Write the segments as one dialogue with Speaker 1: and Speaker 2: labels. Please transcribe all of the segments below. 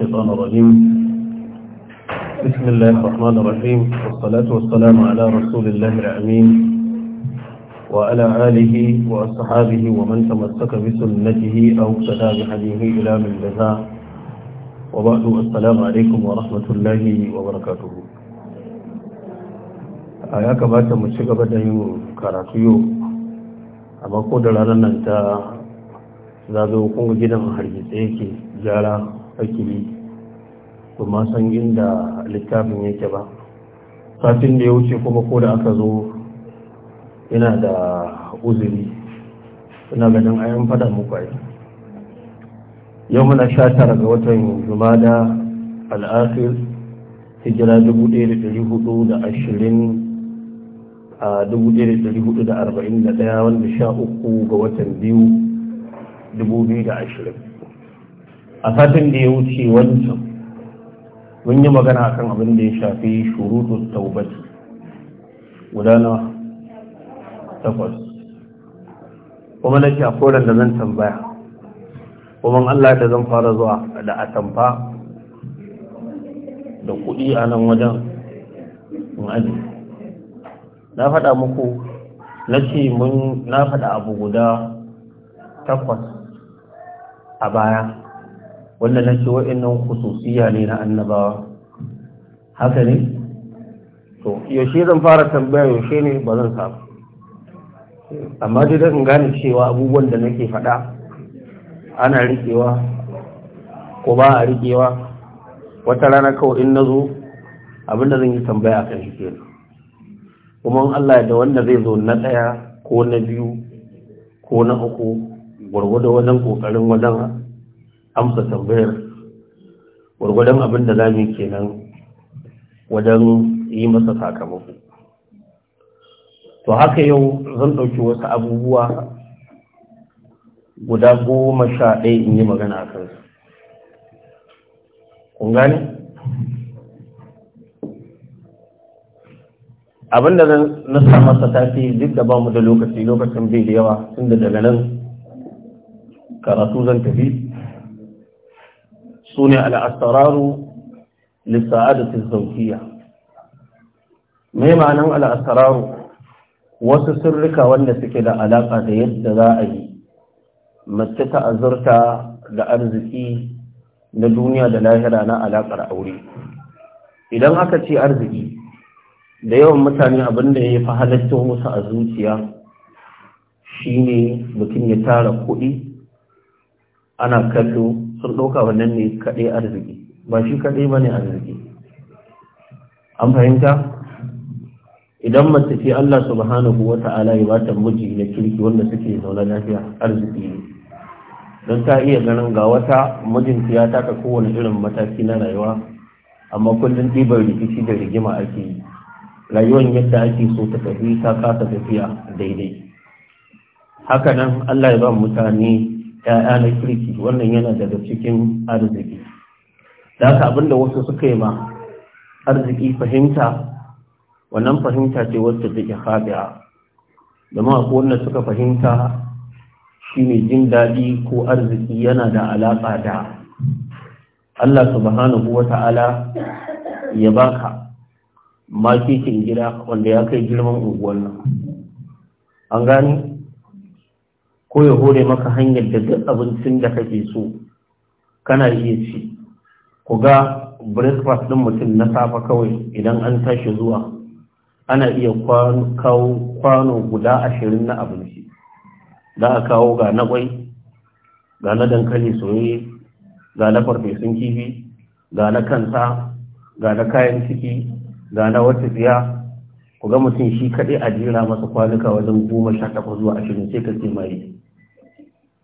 Speaker 1: الشيطان الرجيم بسم الله الرحمن الرحيم والصلاة والسلام على رسول الله الأمين وعلى آله وأصحابه ومن تمسك بسنته أو اقتدى بهديه إلى من جزاء وبعد السلام عليكم ورحمة الله وبركاته أياك بات مشيك ci gaba أما yin لنا yau ذا ذو قوم جدا nan ta zazo fakiri kuma san inda littafin yake ba satin da ya wuce kuma ko da aka zo yana da uzuri ina ganin ayan fada muku ai yau muna sha tara ga watan jumada al'akhir hijira dubu ɗaya da ɗari hudu da ashirin a ɗaya, wanda sha uku ga watan biyu da ashirin. a satin da ya wuce wancan mun yi magana kan abin da ya shafi shurutu taubati gudana takwas kuma na ce a koren da zan tambaya kuma Allah da zan fara zuwa da atamfa da kuɗi a nan wajen in aji na faɗa muku na ce mun na faɗa abu guda takwas a baya wanda na ce wa'annan kususiya ne na annabawa haka ne to yaushe zan fara tambaya yaushe ne ba zan samu amma dai dan gane cewa abubuwan da nake faɗa ana rikewa ko ba a rikewa wata rana kawai in nazo abinda zan yi tambaya kan shi kenan kuma Allah da wanda zai zo na ɗaya ko na biyu ko na uku gwargwado wajen ƙoƙarin wajen amsa tambayar gwargwadon abin da za mu kenan wajen yi masa sakamako to haka yau zan ɗauki wasu abubuwa guda goma sha ɗaya in yi magana a kansu kun gane abinda zan nasa masa tafi duk da ba mu da lokaci lokacin bai da yawa tun da daga nan karatu zan tafi su ne al'asararu lissa'adatul zaukiya mai al'asararu wasu sirrika wanda suke da alaƙa da yadda za a yi mace ta da arziki na duniya da lahira na alaƙar aure idan aka ce arziki da yawan mutane abinda ya fi halatta musu a zuciya shine mutum ya tara kuɗi ana kallo sun ɗauka wannan ne kaɗai arziki ba shi kaɗai ba ne arziki an fahimta idan mace ce Allah subhanahu wa ta'ala ya bata miji na kirki wanda suke zaune lafiya arziki ne don ta iya ganin ga wata mijinta ya taka kowane irin mataki na rayuwa amma kullum ɗibar rikici da rigima ake yi rayuwar yadda ake so ta tafi ta kasa tafiya daidai haka nan Allah ya ba mutane 'ya'ya na kirki wannan yana daga cikin arziki da haka abinda wasu suka yi ma arziki fahimta wannan fahimta ce wacce take haɗiya da ma wanda suka fahimta shi ne jin daɗi ko arziki yana da alaƙa da Allah subhanahu wa ta'ala ya baka makikin gida wanda ya kai girman unguwan nan an gani ko ya hore maka hanyar da duk abincin da kake so kana iya ci ku ga breakfast din mutum na safa kawai idan an tashi zuwa ana iya kawo kwano guda ashirin na abinci za a kawo ga na kwai ga na dankali soyayye ga na farfesun kifi ga na kansa ga na kayan ciki ga na wata tsiya, ku ga mutum shi kaɗai a jera masa kwanuka wajen goma sha takwas zuwa ashirin sai ka ce mai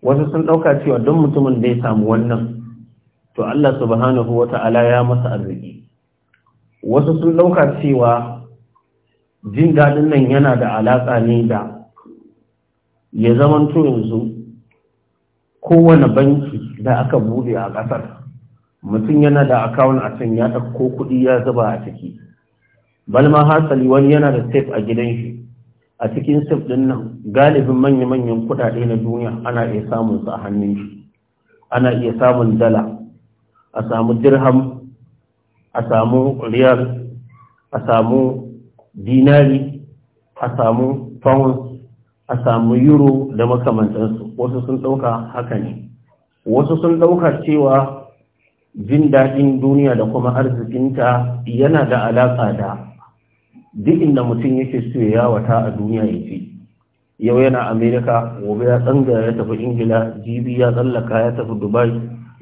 Speaker 1: wasu sun ɗauka cewa don mutumin da ya samu wannan to Allah subhanahu wa ta'ala ya masa arziki wasu sun ɗauka cewa jin daɗin nan yana da alaƙa ne da ya zaman yanzu kowane banki da aka buɗe a ƙasar mutum yana da akawun a can ya ɗauko kuɗi ya zuba a ciki balma hasali wani yana da safe a gidan shi a cikin sif ɗin nan galibin manya-manyan kuɗaɗe na duniya ana iya samun su a hannun shi ana iya samun dala a samu dirham a samu riyal a samu dinari a samu pound a samu euro da makamantansu wasu sun ɗauka haka ne wasu sun ɗauka cewa jin daɗin duniya da kuma arzikinta yana da alaƙa da duk inda mutum yake so ya wata a duniya ya ce yau yana amerika gobe ya tsanga ya tafi ingila jibi ya tsallaka ya tafi dubai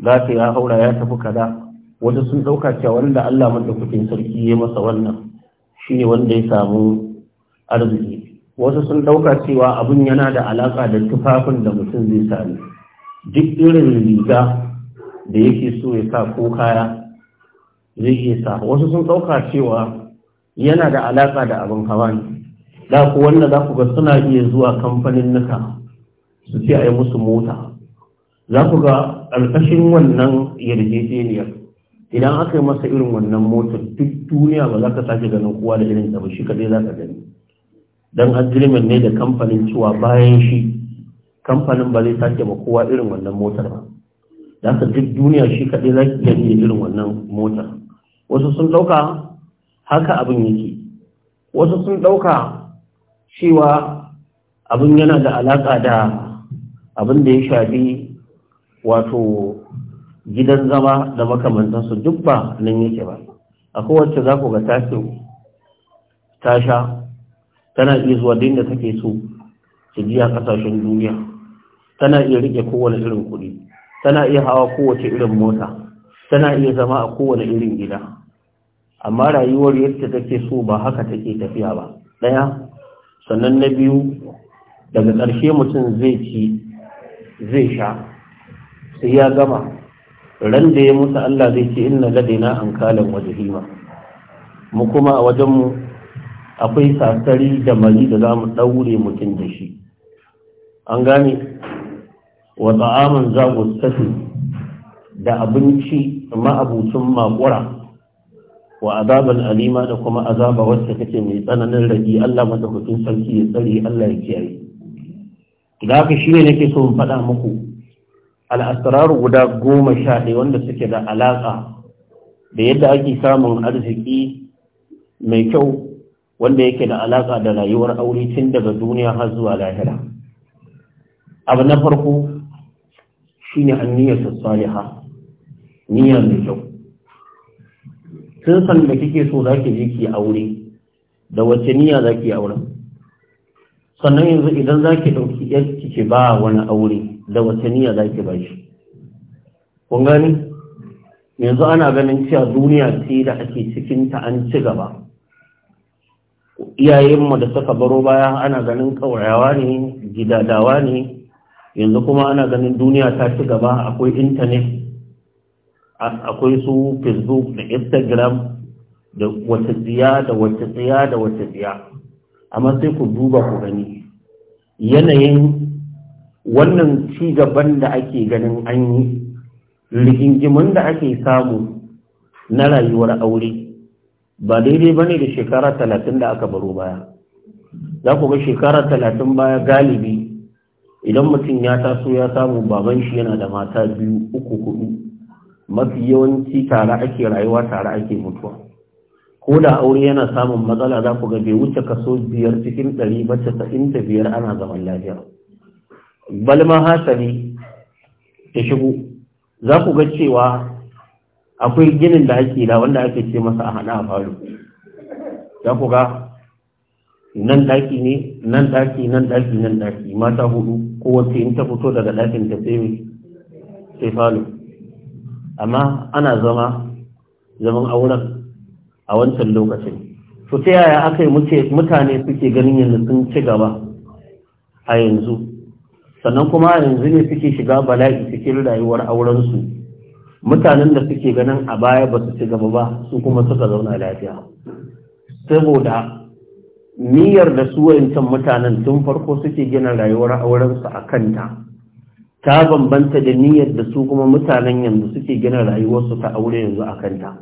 Speaker 1: za ta ya haura ya tafi kada wasu sun ɗauka cewa wanda allah madaukakin sarki ya masa wannan shi ne wanda ya samu arziki wasu sun ɗauka cewa abin yana da alaƙa da tufafin da mutum zai sami duk irin riga da yake so ya sa ko kaya zai iya sa wasu sun ɗauka cewa yana da alaƙa da abin hawa ne da ku wanda za ku ga suna iya zuwa kamfanin nuka su ce a yi musu mota za ku ga alƙashin wannan yarjejeniyar idan aka yi masa irin wannan motar duk duniya ba za ka sake ganin kowa da irin ba shi kaɗai za ka gani don agreement ne da kamfanin cewa bayan shi kamfanin ba zai sake ma kowa irin wannan motar ba za ka duk duniya shi kaɗai za ki gani da irin wannan motar wasu sun ɗauka haka abin yake wasu sun ɗauka cewa abin yana da alaƙa da abin da ya shafi wato gidan zama da su duk ba nan yake ba akwai wacce za ku ga tashi tasha tana iya zuwa da take so su biya kasashen duniya tana iya rike kowane irin kuɗi tana iya hawa kowace irin mota tana iya zama a kowane irin gida amma rayuwar yadda take so ba haka take tafiya ba ɗaya sannan na biyu daga ƙarshe mutum zai ci zai sha sai ya gama ran da ya mutu Allah zai ce inna ladaina an kalan hima. mu kuma a wajenmu akwai sasari da mali da za mu ɗaure mutum da shi an gane wa ta'aman za da abinci ma'abucin maƙura wa azaban alima da kuma azaba wacce take mai tsananin ragi Allah madaukakin sarki ya tsare Allah ya kiyaye da haka shi ne nake so in faɗa muku al'asraru guda goma sha ɗaya wanda suke da alaƙa da yadda ake samun arziki mai kyau wanda yake da alaƙa da rayuwar aure tun daga duniya har zuwa lahira abu na farko shine niyyar saliha niyyar mai kyau Kin san da kike so za ki je ki aure da wacce niyya za ki auren sannan yanzu idan za ki ɗauki yarki ki ba wani aure da wace niyya za ki bashi kun gani yanzu ana ganin cewa duniya ce da ake cikin ta an ci gaba iyayenmu da suka baro baya ana ganin kaurawa ne gidadawa ne yanzu kuma ana ganin duniya ta ci gaba akwai intanet akwai su facebook da instagram da wata tsiya da wata tsiya da wata tsiya amma sai ku duba ku gani yanayin
Speaker 2: wannan
Speaker 1: ci gaban da ake ganin an yi rigingimin da ake samu na rayuwar aure ba daidai ba ne da shekara talatin da aka baro baya za ku ga shekara talatin baya galibi idan mutum ya taso ya samu baban shi yana da mata biyu uku hudu mafi yawanci tare ake rayuwa tare ake mutuwa ko da aure yana samun matsala za ku ga bai wuce kaso biyar cikin ɗari ba casa'in da biyar ana zaman lafiya balma hasali ta shigo za ku ga cewa akwai ginin da ake da wanda ake ce masa a hana a falo za ku ga nan ɗaki ne nan ɗaki nan ɗaki nan ɗaki mata hudu kowace in ta fito daga ɗakin ta sai falo amma ana zama zaman auren a wancan lokacin su ta yaya aka yi mutane suke ganin yanzu sun ci gaba a yanzu sannan kuma yanzu ne suke shiga bala'i cikin rayuwar aurensu mutanen da suke ganin a baya ba su ci gaba ba su kuma suka zauna lafiya saboda niyyar da su wayancan mutanen tun farko suke gina rayuwar aurensu a kanta ta bambanta da niyyar da su kuma mutanen yanzu suke gina rayuwarsu ta aure yanzu a kanta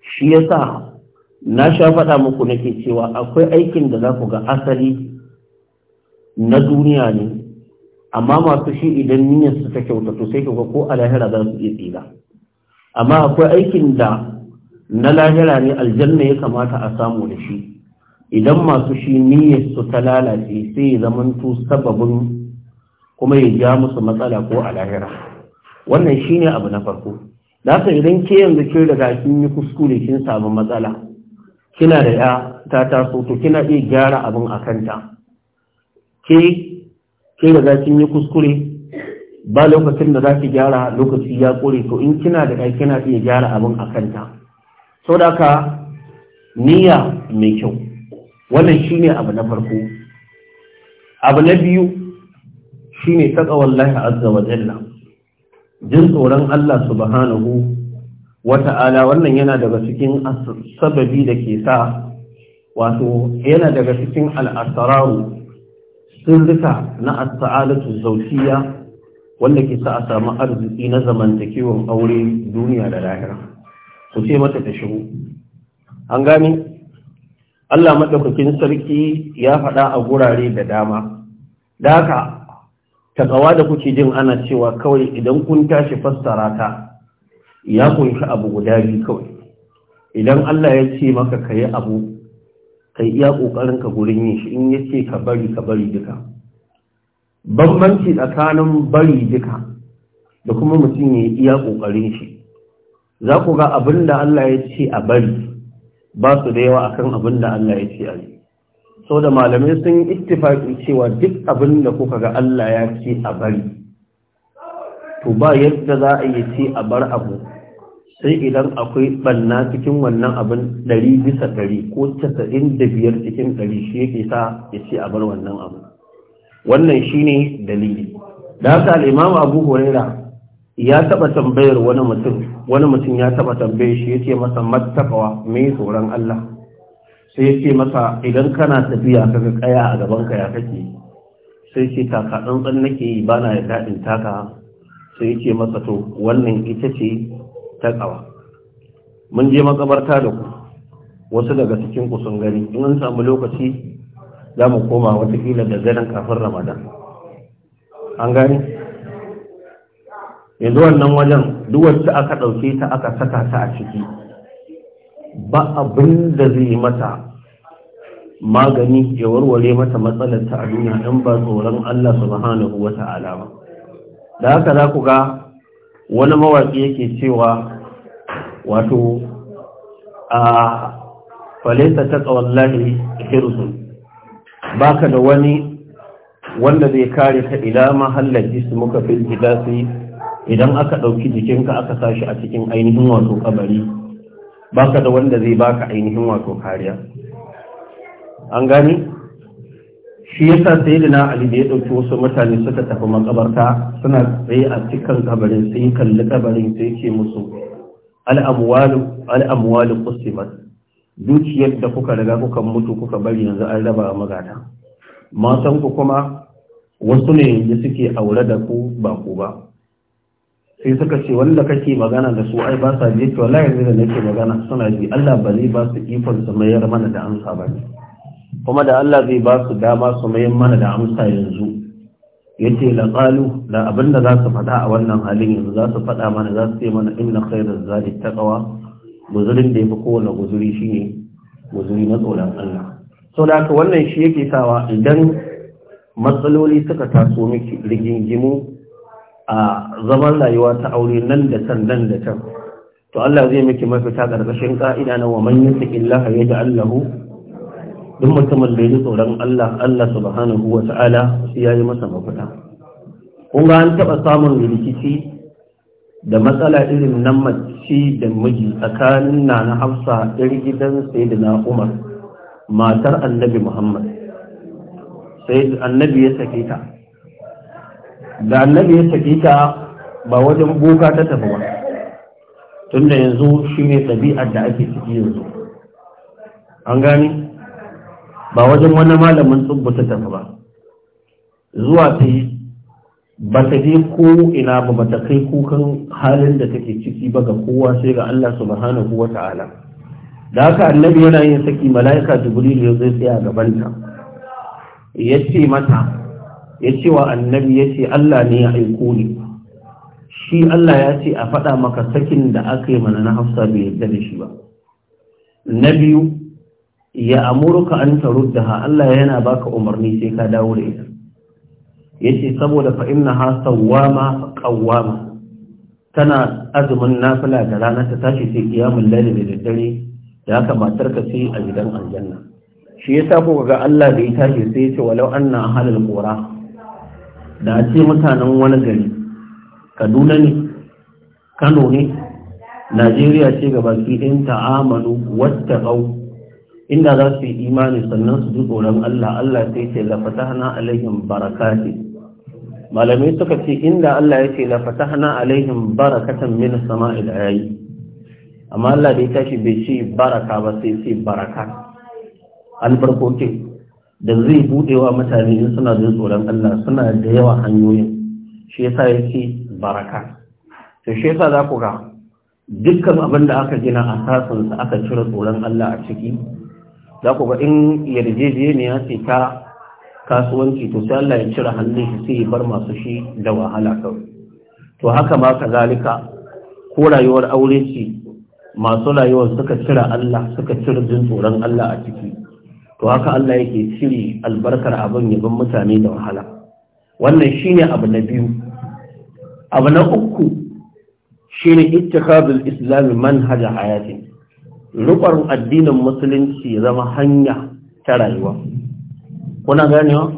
Speaker 1: shi ya sa, na sha faɗa muku nake cewa akwai aikin da za ku ga asali na duniya ne amma masu shi idan niyyarsu ta kyauta to sai kuka ko a lahira za su iya tsira amma akwai aikin da na lahira ne aljanna ya kamata a samu da shi idan masu shi niyyarsu ta lalace sai ya zamanto sababin kuma ya ja musu matsala ko a lahira wannan shine abu na farko da haka idan ke yanzu kin riga kin yi kuskure kin samu matsala kina da ya ta taso to kina iya gyara abin a kanta ke kin riga kin yi kuskure ba lokacin da za ki gyara lokaci ya kore to in kina da ya kina iya gyara abin a kanta sau da ka niyya mai kyau wannan shine abu na farko abu na biyu shine taqwallahi azza wa jalla jin tsoron Allah subhanahu wata'ala wannan yana daga cikin sababi da ke sa wato yana daga cikin al'asararu sirrika na as-sa'adatu zawsiyya wanda ke sa a samu arziki na zamantakewar aure duniya da lahira ku ce mata ta shigo an Allah maɗaukakin sarki ya faɗa a gurare da dama da haka takawa da kuke jin ana cewa kawai idan kun tashi fassara ta ya kunshi abu guda biyu kawai idan Allah ya ce maka ka yi abu ka iya ƙoƙarin ka gurin yin shi in ya ce ka bari ka bari duka bambanci tsakanin bari duka da kuma mutum ya iya ƙoƙarin shi za ku ga abin da Allah ya ce a bari ba su da yawa akan abin da Allah ya ce a yi so da malamai sun ittifaƙi cewa duk abin da kuka ga Allah ya ce a bari to ba yadda za a yi ce a bar abu sai idan akwai banna cikin wannan abin ɗari bisa ɗari ko casa'in da biyar cikin ɗari shi yake sa ya ce a bar wannan abu wannan shi ne dalili da haka al'imam abu huraira ya taɓa tambayar wani mutum wani mutum ya taɓa tambaye shi ya ce masa mattakawa mai tsoron Allah sai ce masa idan kana tafiya kaga kaya a gabanka ya kake sai ce taka tsantsan nake ba na ya daɗin taka sai ce masa to wannan ita ce ta ƙawa mun je makabarta da ku wasu daga cikin ku sun gari, in an samu lokaci za mu koma watakila da ganin kafin ramadan an gani yanzu wannan wajen duk wacce aka ɗauke ta aka saka ta a ciki ba abin da zai mata magani ya warware mata matsalar ta a duniya ba tsoron Allah subhanahu wa ta'ala ba da haka za ku ga wani mawaƙi yake cewa wato a falaita ta tsawallahi hirsun ka da wani wanda zai kare ka ila mahallar muka fil sai idan aka ɗauki jikinka aka sashi a cikin ainihin wato kabari ba da wanda zai baka ainihin wato kariya an gani shi yasa sai da na ali da ya ɗauki wasu mutane suka tafi makabarta suna tsaye a cikin kabarin sai kalli kabarin sai ce musu al'amwalu kusurmat dukiyar da kuka riga kuka mutu kuka bari yanzu an raba magata matan ku kuma wasu ne yanzu suke aure da ku ba ku ba sai suka ce wanda kake magana da su ai ba sa je to wallahi yanzu da nake magana suna ji Allah ba zai ba su ikon su mayar mana da amsa ba ne kuma da Allah zai ba su dama su mayar mana da amsa yanzu yace la qalu la abinda za su faɗa a wannan halin yanzu za su faɗa mana za su ce mana inna khayra zadi taqwa guzurin da yafi kowane guzuri shine guzuri na tsoron Allah so da haka wannan shi yake sawa idan matsaloli suka taso miki rigingimu a zaman rayuwa ta aure nan da can nan da can to Allah zai miki mafita ƙarƙashin ƙa'ida na wa man yattaqi Allah ya ja'al duk mutumin da ya ji tsoron Allah Allah subhanahu wa ta'ala ya yi masa mafita kun ga an taɓa samun rikici da matsala irin nan mace da miji tsakanin na hafsa ɗin gidan Sayyidina umar matar annabi muhammad sai annabi ya sake ta da annabi ya sake ta ba wajen boka ta tafi ba tunda yanzu shi ne ɗabi'ar da ake ciki yanzu an gani ba wajen wani malamin tsubbu ta tafi ba zuwa ta yi ba ta je ko ina ba ba ta kai kukan halin da take ciki ba ga kowa sai ga Allah subhanahu wa ta'ala da haka annabi yana yin saki mala'ika jibril ya zai tsaya gaban ta yace mata ya ce wa annabi ya ce Allah ne ya aiko ni shi Allah ya ce a faɗa maka sakin da aka yi mana na hafsa bai yarda da shi ba na biyu ya amurka an taruddaha Allah yana baka umarni sai ka dawo da ita yace saboda fa wama sawama qawama tana azumin nafila da rana ta tashi sai kiyamul lalle da daddare da haka ka sai a gidan aljanna shi yasa ko ga Allah da ya tashi sai ya ce walau anna halin ƙora. da a ce mutanen wani gari kaduna ne kano ne najeriya ce gaba su in ta'amalu wata kau inda za su yi imani sannan su ji tsoron allah allah sai ce lafata hana alaihim barakati malamai suka ce inda allah ya ce lafata hana alaihim barakatan min sama yi, amma allah da ya tashi bai ce baraka ba sai ce baraka albarkokin da zai buɗewa mutane in suna jin tsoron Allah suna da yawa hanyoyin shi yasa yake baraka to shi yasa za ku ga dukkan abin da aka gina a sasansa aka cire tsoron Allah a ciki za ku ga in yarjejeniya ce ta kasuwanci to sai Allah ya cire hannun shi sai ya bar masu shi da wahala kawai to haka ma kazalika ko rayuwar aure ce masu rayuwar suka cire Allah suka cire jin tsoron Allah a ciki to haka Allah yake cire albarkar abin yaban mutane da wahala wannan shine abu na biyu abu na uku shine ittikhadul islam manhaja hayati rukun addinin musulunci ya zama hanya ta rayuwa kuna ganewa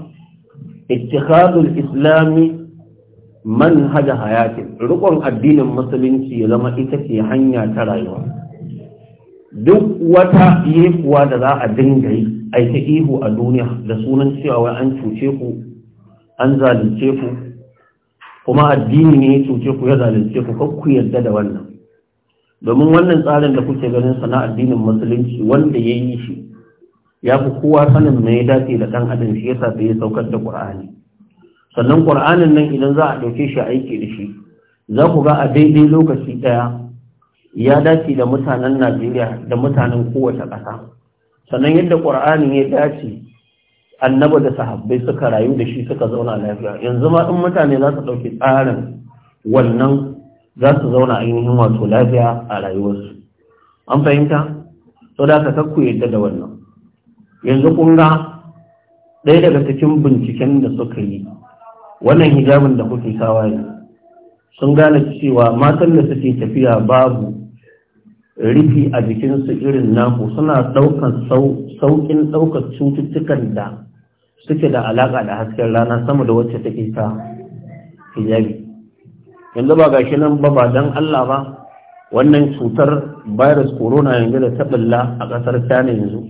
Speaker 1: ittikhadul islami manhaja hayati rukun addinin musulunci ya zama ita ce hanya ta rayuwa duk wata yekuwa da za a dinga yi ai ta ihu a duniya da sunan cewa wai an cuce ku an zalunce ku kuma addini ne ya cuce ku ya zalunce ku kakku ku yarda da wannan domin wannan tsarin da kuke ganin sana addinin musulunci wanda ya yi shi ya fi kowa sanin na ya dace da ɗan adam shi yasa sai ya saukar da ƙur'ani. sannan ƙur'anin nan idan za a ɗauke shi aiki da shi za ku ga a daidai lokaci ɗaya ya dace da mutanen najeriya da mutanen kowace ƙasa sannan yadda ƙur'ani ya dace annaba da sahabbai suka rayu da shi suka zauna lafiya yanzu ma in mutane za su ɗauki tsarin wannan za su zauna ainihin wato lafiya a rayuwarsu an fahimta sau da ka kakku yadda da wannan yanzu ƙunga, ɗaya daga cikin binciken da suka yi wannan hijabin da kuke sawa ne sun gane cewa matan da suke tafiya babu rufi a jikinsu irin naku suna daukan sauƙin ɗaukar cututtukan da suke da alaka da hasken rana sama da wacce take ta hijabi yanzu ba gashi nan ba ba don Allah ba wannan cutar virus corona yanzu da taɓilla a ƙasar China yanzu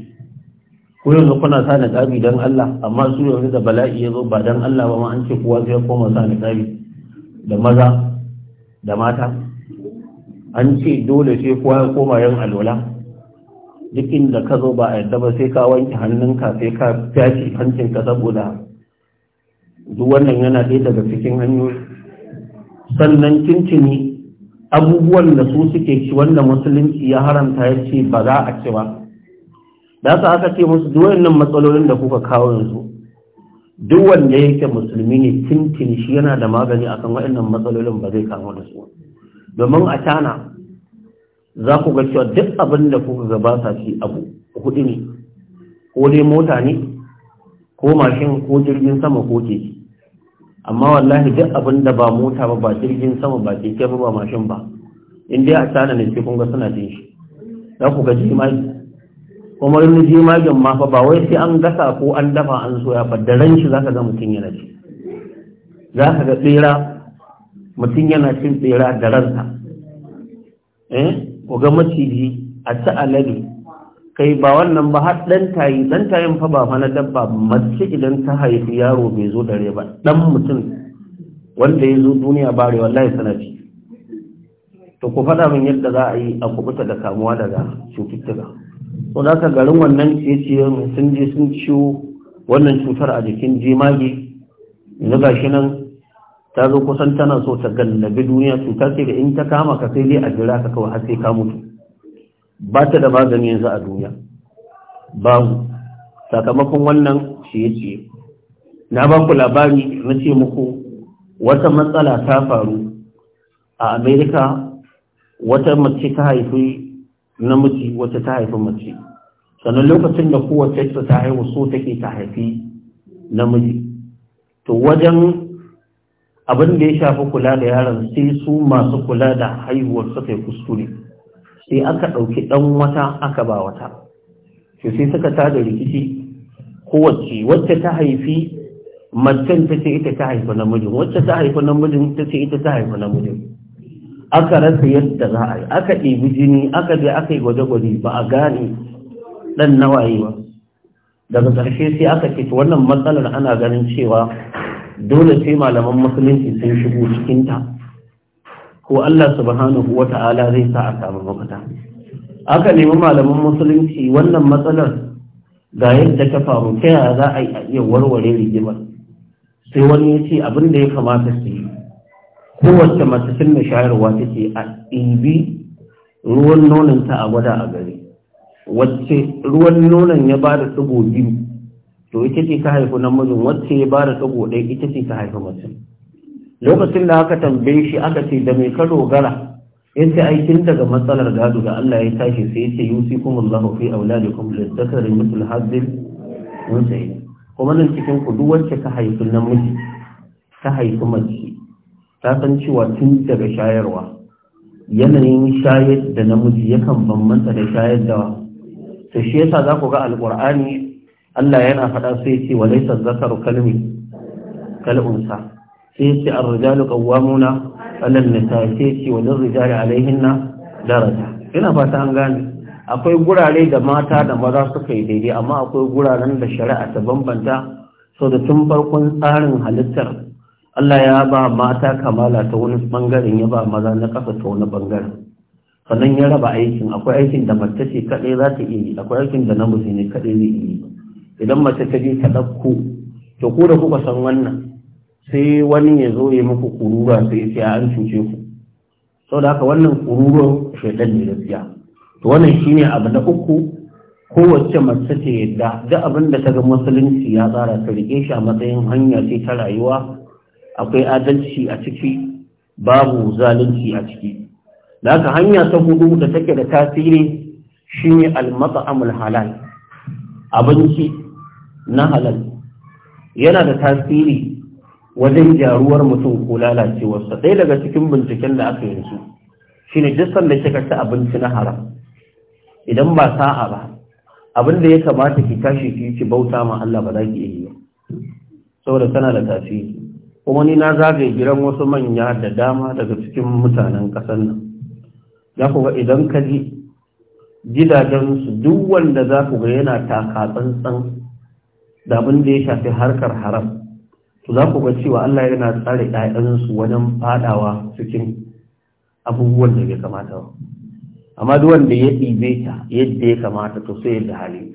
Speaker 1: ko yanzu kuna sa tsabi don Allah amma su yanzu da bala'i ya zo ba dan Allah ba ma an ce kowa zai koma sa niqabi da maza da mata an ce dole sai kowa ya koma yin alwala duk inda ka zo ba a yadda ba sai ka wanke hannunka sai ka hancin hancinka saboda duk wannan yana ɗaya daga cikin hanyoyi sannan cincini abubuwan da su suke ci wanda musulunci ya haramta ya ce ba za a ci ba da su aka ce musu duk wannan matsalolin da kuka kawo yanzu duk wanda yake musulmi ne cincini shi yana da magani akan waɗannan matsalolin ba zai kawo da su domin a tana za ku ga cewa duk abin da kuka gaba sa shi abu kuɗi ne ko dai mota ne ko mashin ko jirgin sama ko keke amma wallahi duk abin da ba mota ba ba jirgin sama ba keke ba ba mashin ba in dai a tana ne sai kun ga suna jin shi za ku ga jimagi kuma rin jimagin ma fa ba wai sai an gasa ko an dafa an soya ba da ran shi za ka ga mutum yana ci za ka ga tsira mutum yana cin tsira da ransa eh ga maciji a ci alade kai ba wannan ba har ɗan tayi dan tayin fa ba na dabba mace idan ta haifi yaro bai zo dare ba ɗan mutum wanda ya zo duniya bare wallahi sana ci to ku faɗa min yadda za a yi a kubuta da kamuwa daga cututtuka so da ka garin wannan ciye-ciye sun je sun ciwo wannan cutar a jikin jemage yanzu shi nan ta zo kusan tana so ta gallabi duniya cutar ce da in ta kama ka sai dai a jira ka kawai har sai ka mutu ba ta da magani yanzu a duniya babu sakamakon wannan ciye-ciye na ba ku labari na ce muku wata matsala ta faru a amerika wata mace ta haifi namiji wata ta haifi mace sannan lokacin da kowace ta haihu so take ta haifi namiji to wajen abin da ya shafi kula da yaron sai su masu kula da haihuwar suka yi kuskure sai aka ɗauki ɗan wata aka ba wata sai sai suka tada rikici kowace wacce ta haifi macen ta ce ita ta haifi namijin wacce ta haifi namijin ta ce ita ta haifi namijin aka rasa yadda za a yi aka ɗibi jini aka je aka yi gwaje-gwaje ba a gane ɗan nawaye ba daga ƙarshe sai aka ce wannan matsalar ana ganin cewa dole sai malaman musulunci sun shigo cikinta ko Allah subhanahu wa ta'ala zai sa a samu mafita aka nemi malaman musulunci wannan matsalar ga yadda ta faru ta yaya za a iya warware rigimar sai wani ya ce abin da ya kamata su yi kowace mace sun da shayarwa take a ɗibi ruwan nonanta a gwada a gari wacce ruwan nonon ya ba da ɗigo biyu to ita ce ta haifi namijin wacce ya ba da tsago ɗaya ita ce ta haifi mace lokacin da aka tambaye shi aka ce da mai ka dogara yace ai aikin daga matsalar gado da Allah ya tashi sai yace yusikumullahu fi auladikum lidzakari mithl haddil unsayyin kuma nan cikin ku duk wacce ka haifi namiji Ka haifi mace ta san cewa tun daga shayarwa yanayin shayar da namiji yakan bambanta da shayar da to shi yasa za ku ga alqur'ani Allah yana faɗa sai ce wa laisa zakaru kalmi kal unsa sai ce ar-rijalu qawwamuna alal nisaa sai ce wa lir-rijali 'alayhinna daraja ina fata an gane akwai gurare da mata da maza suka yi daidai amma akwai guraren da shari'a ta bambanta so da tun farkon tsarin halittar Allah ya ba mata kamala ta wani bangaren ya ba maza na kasa ta wani bangaren sannan ya raba aikin akwai aikin da mace ce kaɗai za ta iya yi akwai aikin da namiji ne kaɗai zai iya yi idan mace ta je ta ɗauko to ko da kuka san wannan sai wani ya zo ya muku kurura sai ya an cuce ku sau da haka wannan kururuwan shaidan ne gaskiya to wannan shine abu na uku kowace mace ta yadda da abin da ta ga musulunci ya tsara ta rike shi a matsayin hanya ce ta rayuwa akwai adalci a ciki babu zalunci a ciki da haka hanya ta hudu da take da tasiri shine al-mat'amul halal abinci na halal yana da tasiri wajen gyaruwar mutum ko lalacewarsa ɗaya daga cikin binciken da aka yanzu shi ne duk da kika ci abinci na haram idan ba sa'a ba abin da ya kamata ki tashi ki ci bauta ma Allah ba za ki iya yi saboda tana da tasiri kuma ni na zagaye gidan wasu manya da dama daga cikin mutanen ƙasar nan ya kuga idan ka ji gidajensu duk wanda za ku ga yana taka tsantsan da abin da ya shafi harkar haram to za ku ga cewa Allah yana tsare ɗayansu wajen fadawa cikin abubuwan da ya kamata ba amma duk wanda ya ɗibe ta yadda ya kamata to sai da hali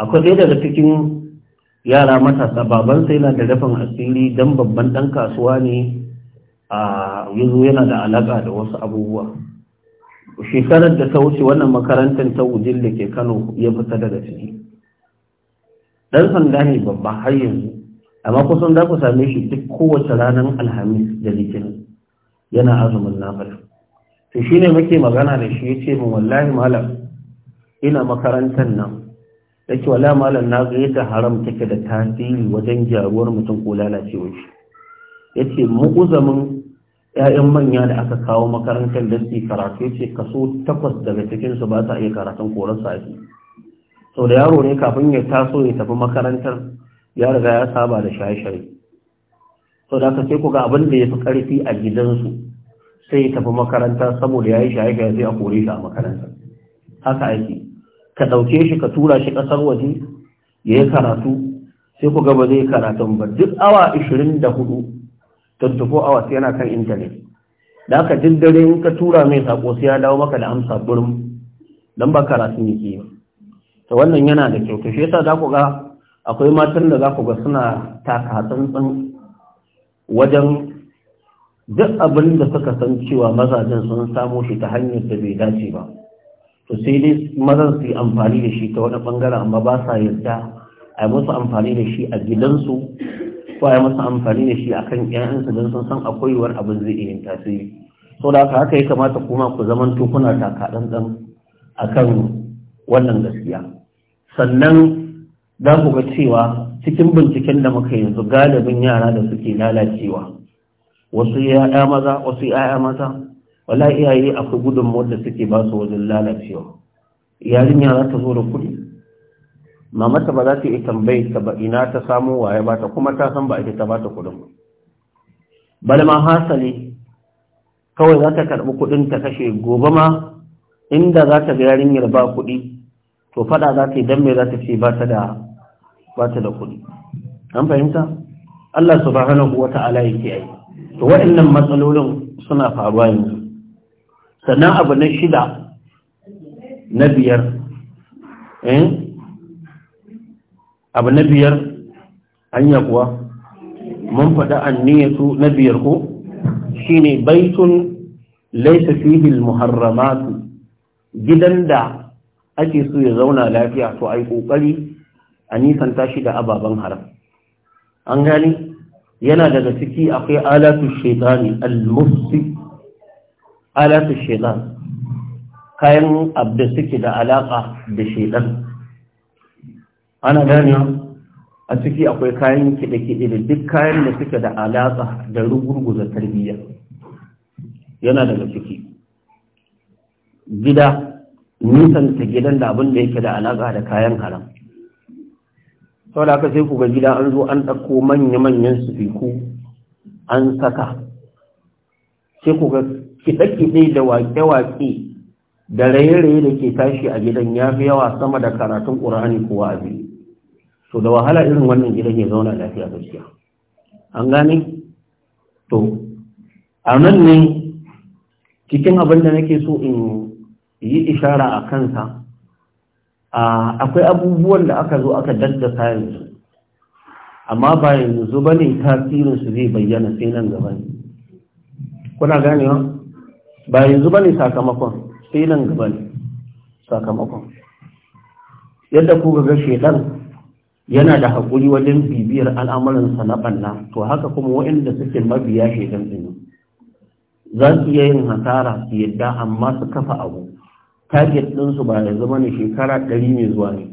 Speaker 1: akwai ɗaya daga cikin yara matasa baban sai yana da rafin asiri dan babban ɗan kasuwa ne a yanzu yana da alaka da wasu abubuwa shekarar da ta wuce wannan makarantar ta wujin da ke kano ya fita daga ciki dan sanda ne babba har yanzu amma kusan za ku same shi duk kowace ranar alhamis da litinin yana azumin nafil to shi ne muke magana da shi ya ce min wallahi malam ina makarantar nan ya ce wallahi malam na ga yadda haram take da tasiri wajen gyaruwar mutum ko lalacewar shi Yace ce mu'uzamin 'ya'yan manya da aka kawo makarantar da su karatu ya kaso takwas daga cikinsu ba sa iya karatun koran sa sau da yaro ne kafin ya taso ya tafi makarantar ya riga ya saba da shaye-shaye sau da sai ku ga abin da ya fi ƙarfi a gidansu sai ya tafi makaranta saboda ya yi shaye-shaye sai a kore shi a makaranta haka ake ka ɗauke shi ka tura shi ƙasar waje ya yi karatu sai ku ba zai karatu ba duk awa 24 tattafo awa sai yana kan intanet da aka duk dare in ka tura mai sako sai ya dawo maka da amsa burin don ba karatu ne ke yi ta wannan yana da kyau ta shi yasa za ku ga akwai matan da za ku ga suna taka tsantsan wajen duk abin da suka san cewa mazajen sun samo shi ta hanyar da bai dace ba to sai dai mazan su yi amfani da shi ta wani bangare amma ba sa yarda a yi musu amfani da shi a gidansu ko a yi musu amfani da shi akan ƴaƴansu don sun san akwai abin zai iya tasiri so da haka haka ya kamata kuma ku zaman tukuna kuna taka ɗanɗan akan wannan gaskiya sannan za ku ga cewa cikin binciken da muka yanzu galibin yara da suke lalacewa wasu ya'ya maza wasu ya'ya maza wala iyaye akwai gudun da suke ba su wajen lalacewa yarinya za ta zo da kuɗi mamata ba za ta iya tambayi ta ba ina ta samu waye ba ta kuma ta san ba ita ta ba ta kuɗin bal ma hasali kawai za ta karɓi kuɗin ta kashe gobe ma inda za ta ga yarinyar ba kuɗi to faɗa za ta yi don me za ta ce ba ta da kuɗi an fahimta Allah subhanahu wata'ala yake yi to waɗannan matsalolin suna faruwa yanzu sannan abu na shida na biyar eh? abu na biyar hanya kuwa mun faɗa su na biyar ko shine baitun laysa fihi almuharramatu gidan da ake so ya zauna lafiya to ai kokari a nisanta shi da ababen haram an gani yana daga ciki akwai alatu shaitani al-mufsi alatu shaitan kayan abda suke da alaka da shaitan ana gani a ciki akwai kayan kiɗe-kiɗe da duk kayan da suke da alaka da rugurguza tarbiyya yana daga ciki gida nisan ta gidan da abin da yake da alaka da kayan haram sau da aka sai ku ga gida an zo an ɗauko manya-manyan sufiku an saka sai ku ga kiɗe-kiɗe da waƙe-waƙe da raye-raye da ke tashi a gidan ya fi yawa sama da karatun ƙur'ani ko a Sau da wahala irin wannan gidan ya zauna lafiya gaskiya an gane to a nan ne cikin abin da nake so in yi ishara a kansa akwai abubuwan da aka zo aka daddasa yanzu amma ba yanzu ba ne tasirinsu zai bayyana sai nan gaba ne kuna ganewa ba yanzu ba ne sakamakon sai nan gaba ne sakamakon yadda ku ga shedan yana da haƙuri wajen bibiyar al'amuransa na ɓanna to haka kuma waɗanda suke mabiya shedan ɗin za su iya yin hasara su yadda amma su kafa abu target ɗinsu ba ya zama ne shekara ɗari mai zuwa ne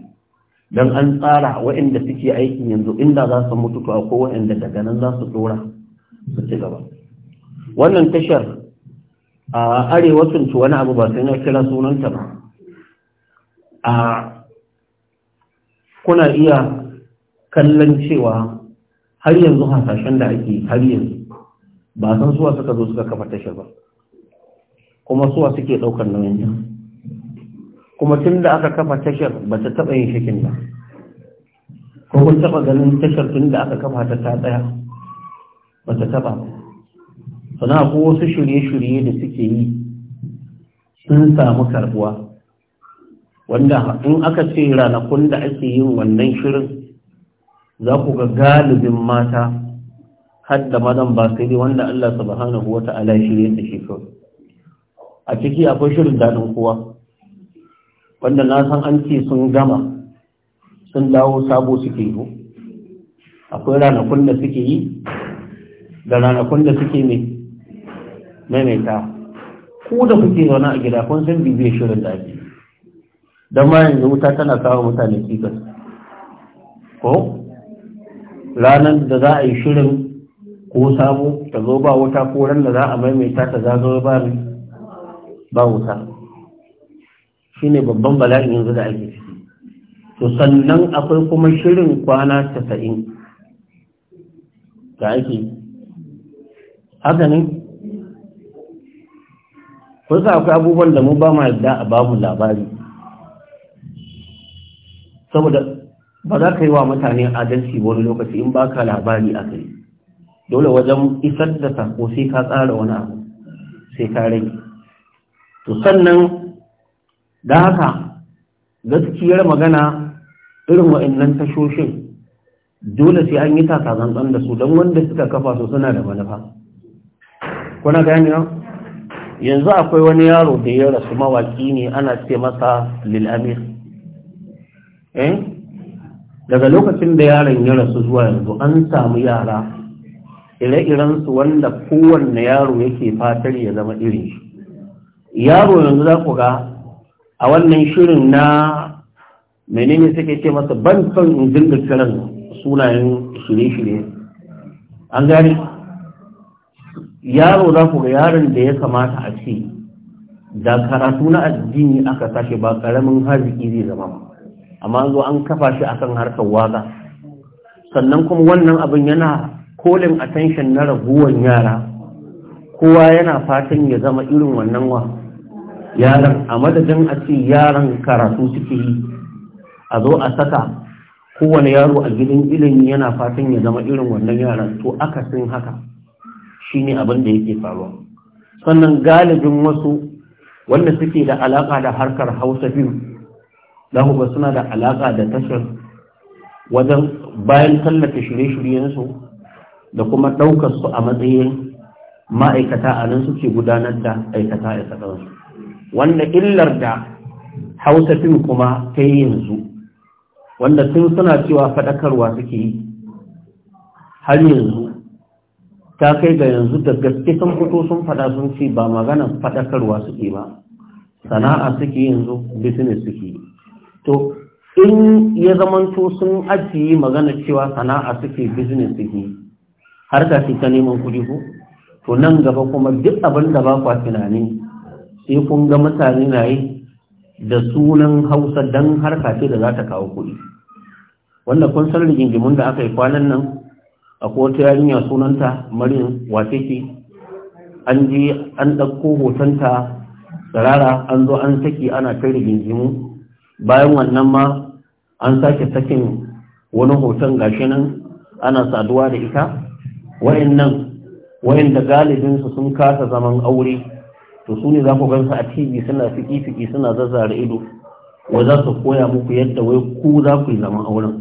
Speaker 1: don an tsara waɗanda suke aikin yanzu inda za su mutu to akwai waɗanda daga nan za su ɗora su ci gaba wannan tashar a arewa sun ci wani abu ba sai na kira sunanta ba a kuna iya kallon cewa har yanzu hasashen da ake har yanzu ba san suwa suka zo suka kafa tashar ba kuma suwa suke ɗaukar nauyin kuma tun da aka kafa tashar ba ta taɓa yin shikin ba ko kun taɓa ganin tashar tun da aka kafa ta tsaya ba ta taɓa sana ko wasu shirye-shirye da suke yi sun samu karbuwa wanda in aka ce ranakun da ake yin wannan shirin za ku ga galibin mata har da madan ba sai dai wanda Allah subhanahu wa ta'ala shirye da shi a ciki akwai shirin daɗin kowa wanda na san an ce sun gama sun dawo sabo suke yi akwai ranakun da suke yi da ranakun da suke ne maimaita ku da kuke zaune a gida kun san bibiyar shirin da ake don ma yanzu wuta tana kawo mutane cikas ko ranar da za a yi shirin ko sabo ta zo ba wuta ko ran da za a maimaita ta zagaye ba ba wuta Shi ne babban bala'in yanzu da ake ciki to sannan akwai kuma shirin kwana tasa'in da ake haka ne kusa akwai abubuwan da mu ba ma yadda a babu labari saboda ba za ka yi wa mutane adalci wani lokaci in ba ka labari a kai dole wajen isar da sako sai ka tsara wani abu sai ka rage to sannan da haka gaskiyar magana irin wa'annan tashoshin dole sai an yi takazantsan da su don wanda suka kafa su suna da manufa kuna gani yanzu akwai wani yaro da ya rasu mawaki ne ana ce masa lil'amir eh? daga lokacin da yaron ya rasu zuwa yanzu an samu yara ire-irensu wanda kowanne yaro yake fatar ya zama irin shi yaro yanzu za ku ga a wannan shirin na menene suke ce masa ban son in dinga kiran sunayen shirye-shirye an gane yaro za ku ga yaron da ya kamata a ce da karatu na addini aka tashi ba karamin harziki zai zama amma zo an kafa shi akan harkar waga sannan kuma wannan abin yana kolin attention na raguwan yara kowa yana fatan ya zama irin wannan wa yaran a madadin a ce yaran karatu suke yi a zo a saka kowane yaro a gidan ilimi yana fatan ya zama irin wannan yaran to aka akasin haka shine abin da yake faruwa sannan galibin wasu wanda suke da alaka da harkar hausa fim za suna da alaka da tashar wajen bayan tallata shirye-shiryensu da kuma ɗaukar su a matsayin ma'aikata a nan suke gudanar da aikata a wanda illar da hausa fim kuma ta yi yanzu wanda tun suna cewa faɗakarwa suke yi har yanzu ta kai ga yanzu da gaske sun fito sun faɗa sun ce ba maganan faɗakarwa suke ba sana'a suke yanzu business suke to in ya zamanto sun ajiye magana cewa sana'a suke business suke yi har ta neman kuɗi ko to nan gaba kuma duk abin da ba kwa tunani sai kun ga mutane na yi da sunan hausa don harka ce da za ta kawo kuɗi wanda kun san rigingimun da aka yi kwanan nan a kowace yarinya sunanta marin wace ce an je an ɗauko hotonta tsirara an zo an saki ana ta rigingimu bayan wannan ma an sake sakin wani hoton gashi nan ana saduwa da ita wayannan wayanda galibinsu sun kasa zaman aure to su ne za ku gansu a tv suna fiki-fiki suna zazzara ido wa za su koya muku yadda wai ku za ku yi zaman auren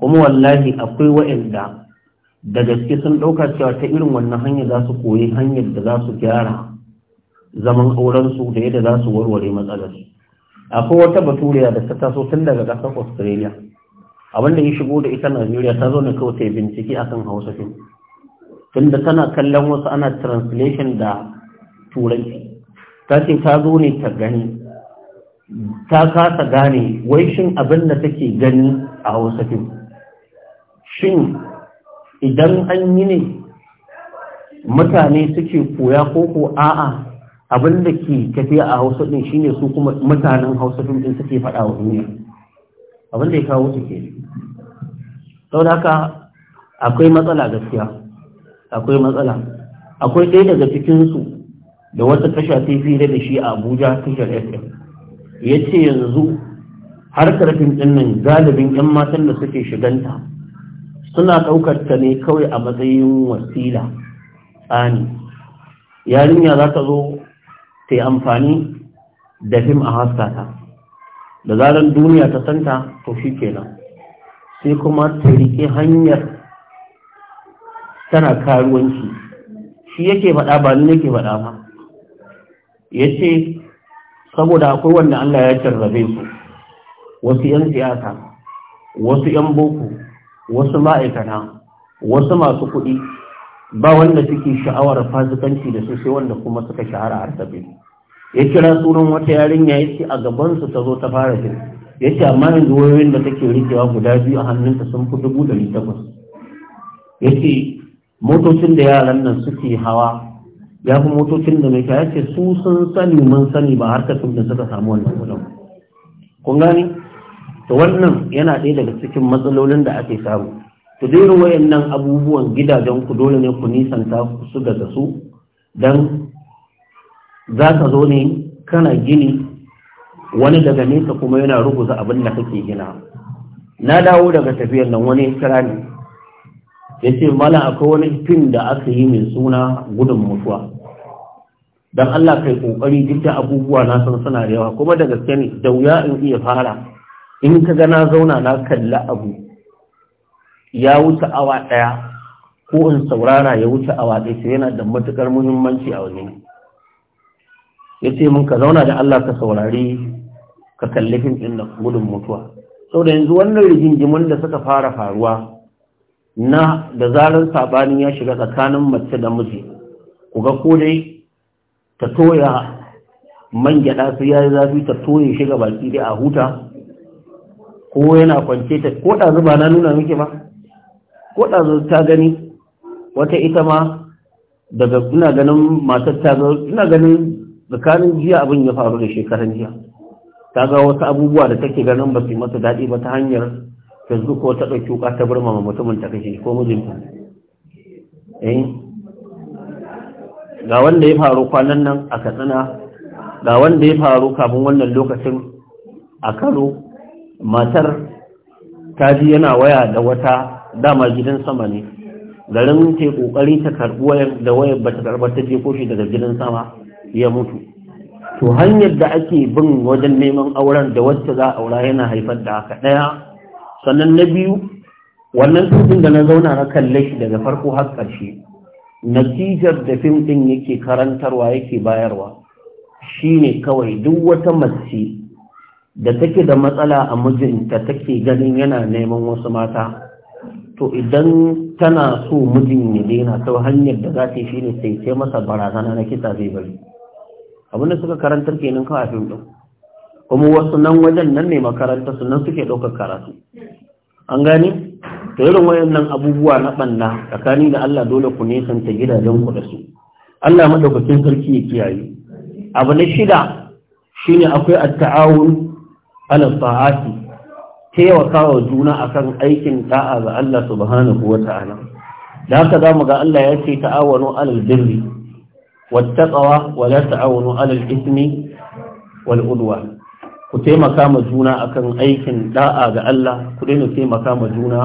Speaker 1: kuma wallahi akwai wa'anda da gaske sun ɗauka cewa ta irin wannan hanyar za su koyi hanyar da za su gyara zaman aurensu da yadda za su warware matsalar akwai wata baturiya da ta taso tun daga ƙasar australia da ya shigo da ita najeriya ta zo ne kawai ta bincike akan hausa fim tunda tana kallon wasu ana translation da turanci ta ce ta zo ne ta gani ta kasa gane wai shin abin da take gani a hausa fim shin idan an yi ne mutane suke koya ko ko a'a abin da ke tafiya a hausa din shine su kuma mutanen hausa fim din suke faɗa wa duniya abin da ya kawo su ke da haka akwai matsala gaskiya akwai matsala akwai ɗaya daga cikinsu da wata tasha sai fira da shi a abuja tashar fm ya ce yanzu har karfin ɗin galibin 'yan matan da suke shiganta suna ɗaukar ta ne kawai a matsayin wasila tsani yarinya za ta zo ta yi amfani da fim a haskata da zarar duniya ta santa to shi kenan sai kuma ta riƙe hanyar tana karuwanci shi yake faɗa ba ni yake faɗa ba ya ce saboda akwai wanda Allah ya jarrabe su wasu 'yan siyasa wasu 'yan boko wasu ma'aikata wasu masu kuɗi ba wanda suke sha'awar fasikanci da su sai wanda kuma suka shahara a harsabe ya kira sunan wata yarinya ya ce a gabansu ta zo ta fara fi ya ce amma yanzu wayoyin da take rikewa guda biyu a hannunta sun fi dubu ɗari takwas ya ce motocin da yaran nan suke hawa ya fi motocin da mai kaya ce su sun sani man sani ba har kasu da suka samu wannan wajen kun gani to wannan yana ɗaya daga cikin matsalolin da ake samu to dairin wayannan abubuwan gidajen ku dole ne ku nisanta su daga su dan za ka zo ne kana gini wani daga nesa kuma yana rubuta abin da kake gina na dawo daga tafiyar nan wani kira ne ya ce mala akwai wani fim da aka yi mai suna gudun mutuwa don Allah kai kokari duk abubuwa na san suna da yawa kuma da gaske ne da wuya in iya fara in ka ga na zauna na kalla abu ya wuce awa ɗaya ko in saurara ya wuce awa ɗaya sai yana da matukar muhimmanci a wajen ya ce mun ka zauna da Allah ka saurari ka kalli fim ɗin na gudun mutuwa saboda yanzu wannan rigingimin da suka fara faruwa na da zarar sabanin ya shiga tsakanin mace da miji ku ga ko dai ta toya man gyada su yi zafi ta toye shi ga baki dai a huta ko yana kwance ta ko da zuba na nuna miki ba ko da ta gani wata ita ma daga ina ganin matar ta zo ina ganin tsakanin jiya abin ya faru da shekaran jiya ta ga wasu abubuwa da take ganin ba su mata daɗi ba ta hanyar yanzu ko ta ɗauki wuka ta burma mutumin ta kashe ko mijinta eh? ga wanda ya faru kwanan nan a katsina ga wanda ya faru kafin wannan lokacin a kano matar ta ji yana waya da wata dama gidan sama ne garin ta kokari ta karɓi wayar da wayar ba ta karba ta je koshi daga gidan sama ya mutu to hanyar da ake bin wajen neman auren da wacce za a aura yana haifar da haka ɗaya sannan na biyu wannan tutun da na zauna na kalle shi daga farko har ƙarshe natijar da fim ɗin yake karantarwa yake bayarwa shine kawai duk wata mace da take da matsala a mijinta take ganin yana neman wasu mata to idan tana so mijin ya daina ta hanyar da za ta yi shine sai ce masa barazana na kisa zai bari abinda suka karantar kenan kawai a fim ɗin kuma wasu nan wajen nan ne makaranta su nan suke ɗaukar karatu an gani to irin wayannan abubuwa na banna tsakani da Allah dole ku nesanta gidajen ku da su Allah madaukakin sarki ya kiyaye abu na shida shine akwai at-ta'awun ala ta'ati taimakawa juna akan aikin ta'a ga Allah subhanahu wata'ala da haka zamu ga Allah ya ce ta'awanu alal birri wattaqwa wa la ta'awanu alal ismi wal udwan ku taimaka ma juna akan aikin da'a ga Allah ku daina taimaka ma juna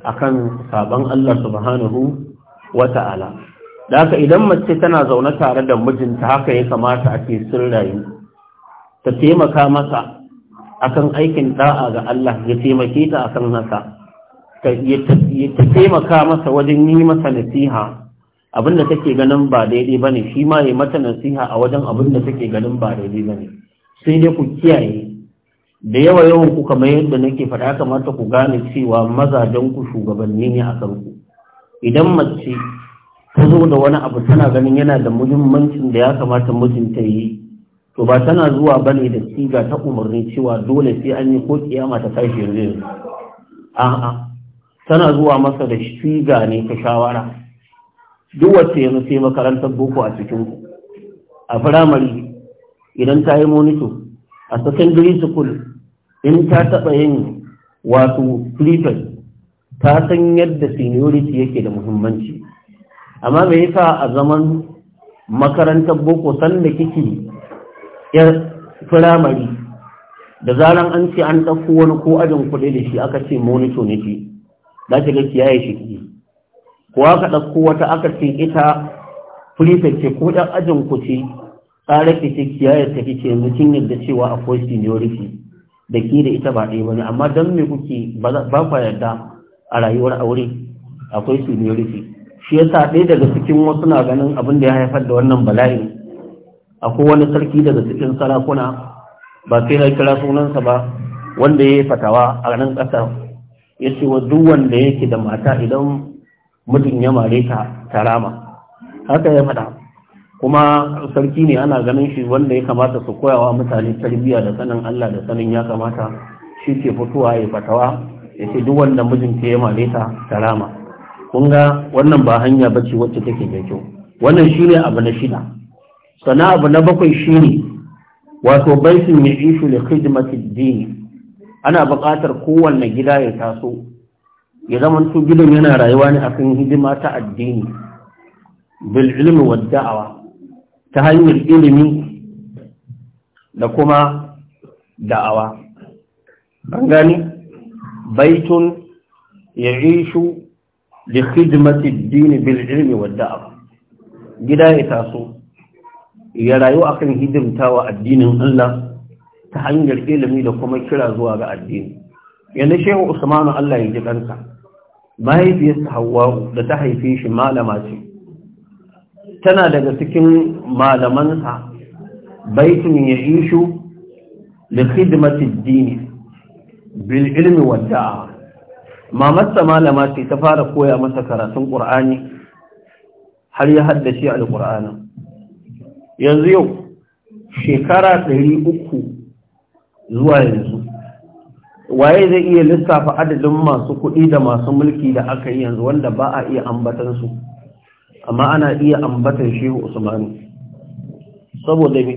Speaker 1: akan saban Allah subhanahu wa ta'ala da haka idan mace tana zaune tare da mijinta haka ya kamata a ce sun rayu ta taimaka masa akan aikin da'a ga Allah ya taimake ta akan haka ta taimaka masa wajen yi masa nasiha abinda take ganin ba daidai bane shi ma ya mata nasiha a wajen abinda take ganin ba daidai bane sai dai ku kiyaye da yawa yawan ku kamar yadda nake faɗa kamata ku gane cewa mazajen ku shugabanni ne a kanku idan mace ta zo da wani abu tana ganin yana da muhimmancin da ya kamata mijinta yi to ba tana zuwa ba ne da siga ta umarni cewa dole sai an yi ko kiyama ta tashi yanzu yanzu a'a tana zuwa masa da siga ne ta shawara duk wacce yanzu sai makarantar boko a cikin a firamare idan ta yi monito a secondary school in ta taɓa yin wato firifet, ta san yadda seniority yake da muhimmanci amma me yasa a zaman makarantar boko sanda kiki yar firamari? da zaran an ce an ɗauko wani ko ajin kuɗi da shi aka ce monito ne shi za ki ga kiyaye shi kiki. ko aka ɗauko wata aka ce ita firifet ce ko ɗan ajin ku ce tsare tafi ce ta yanzu kin yarda cewa akwai seniority da ke da ita ba ɗaya bane amma don me kuke ba ku yarda a rayuwar aure akwai seniority shi yasa ɗaya daga cikin wasu na ganin abin da ya haifar da wannan bala'i akwai wani sarki daga cikin sarakuna ba sai na kira sunansa ba wanda ya yi fatawa a nan ƙasa ya ce wa duk wanda yake da mata idan mutum ya mare ta tarama haka ya faɗa kuma sarki ne ana ganin shi wanda ya kamata su koya wa mutane tarbiyya da sanin Allah da sanin ya kamata shi ke fitowa ya fatawa ya ce duk wanda mijinta ya mare ta tarama kun ga wannan ba hanya bace wacce take da kyau wannan shine abu na shida sana abu na bakwai shine wato baitin ya ishu da khidmati dini ana buƙatar kowanne gida ya taso ya zamanto gidan yana rayuwa ne akan hidima ta addini bil ilmi wa da'awa ta hanyar ilimi da kuma da'awa an gani baitun ya ishu da khidmatin dini bil wadda wa da'awa gida ya taso ya rayu akan hidimtawa addinin Allah ta hanyar ilimi da kuma kira zuwa ga addini yanda shehu usmanu Allah ya ji ɗansa mahaifiyarsa hawa da ta haife shi malama ce tana daga cikin malamansa baitin ya ishu da khidmatin dini bil ilmi wadda mamatsa malama ce ta fara koya masa karatun ƙur'ani har ya haddace alƙur'anin yanzu yau shekara ɗari uku zuwa yanzu waye zai iya lissafa adadin masu kuɗi da masu mulki da aka yi yanzu wanda ba a iya ambatansu amma ana iya ambatan shehu usmani saboda ne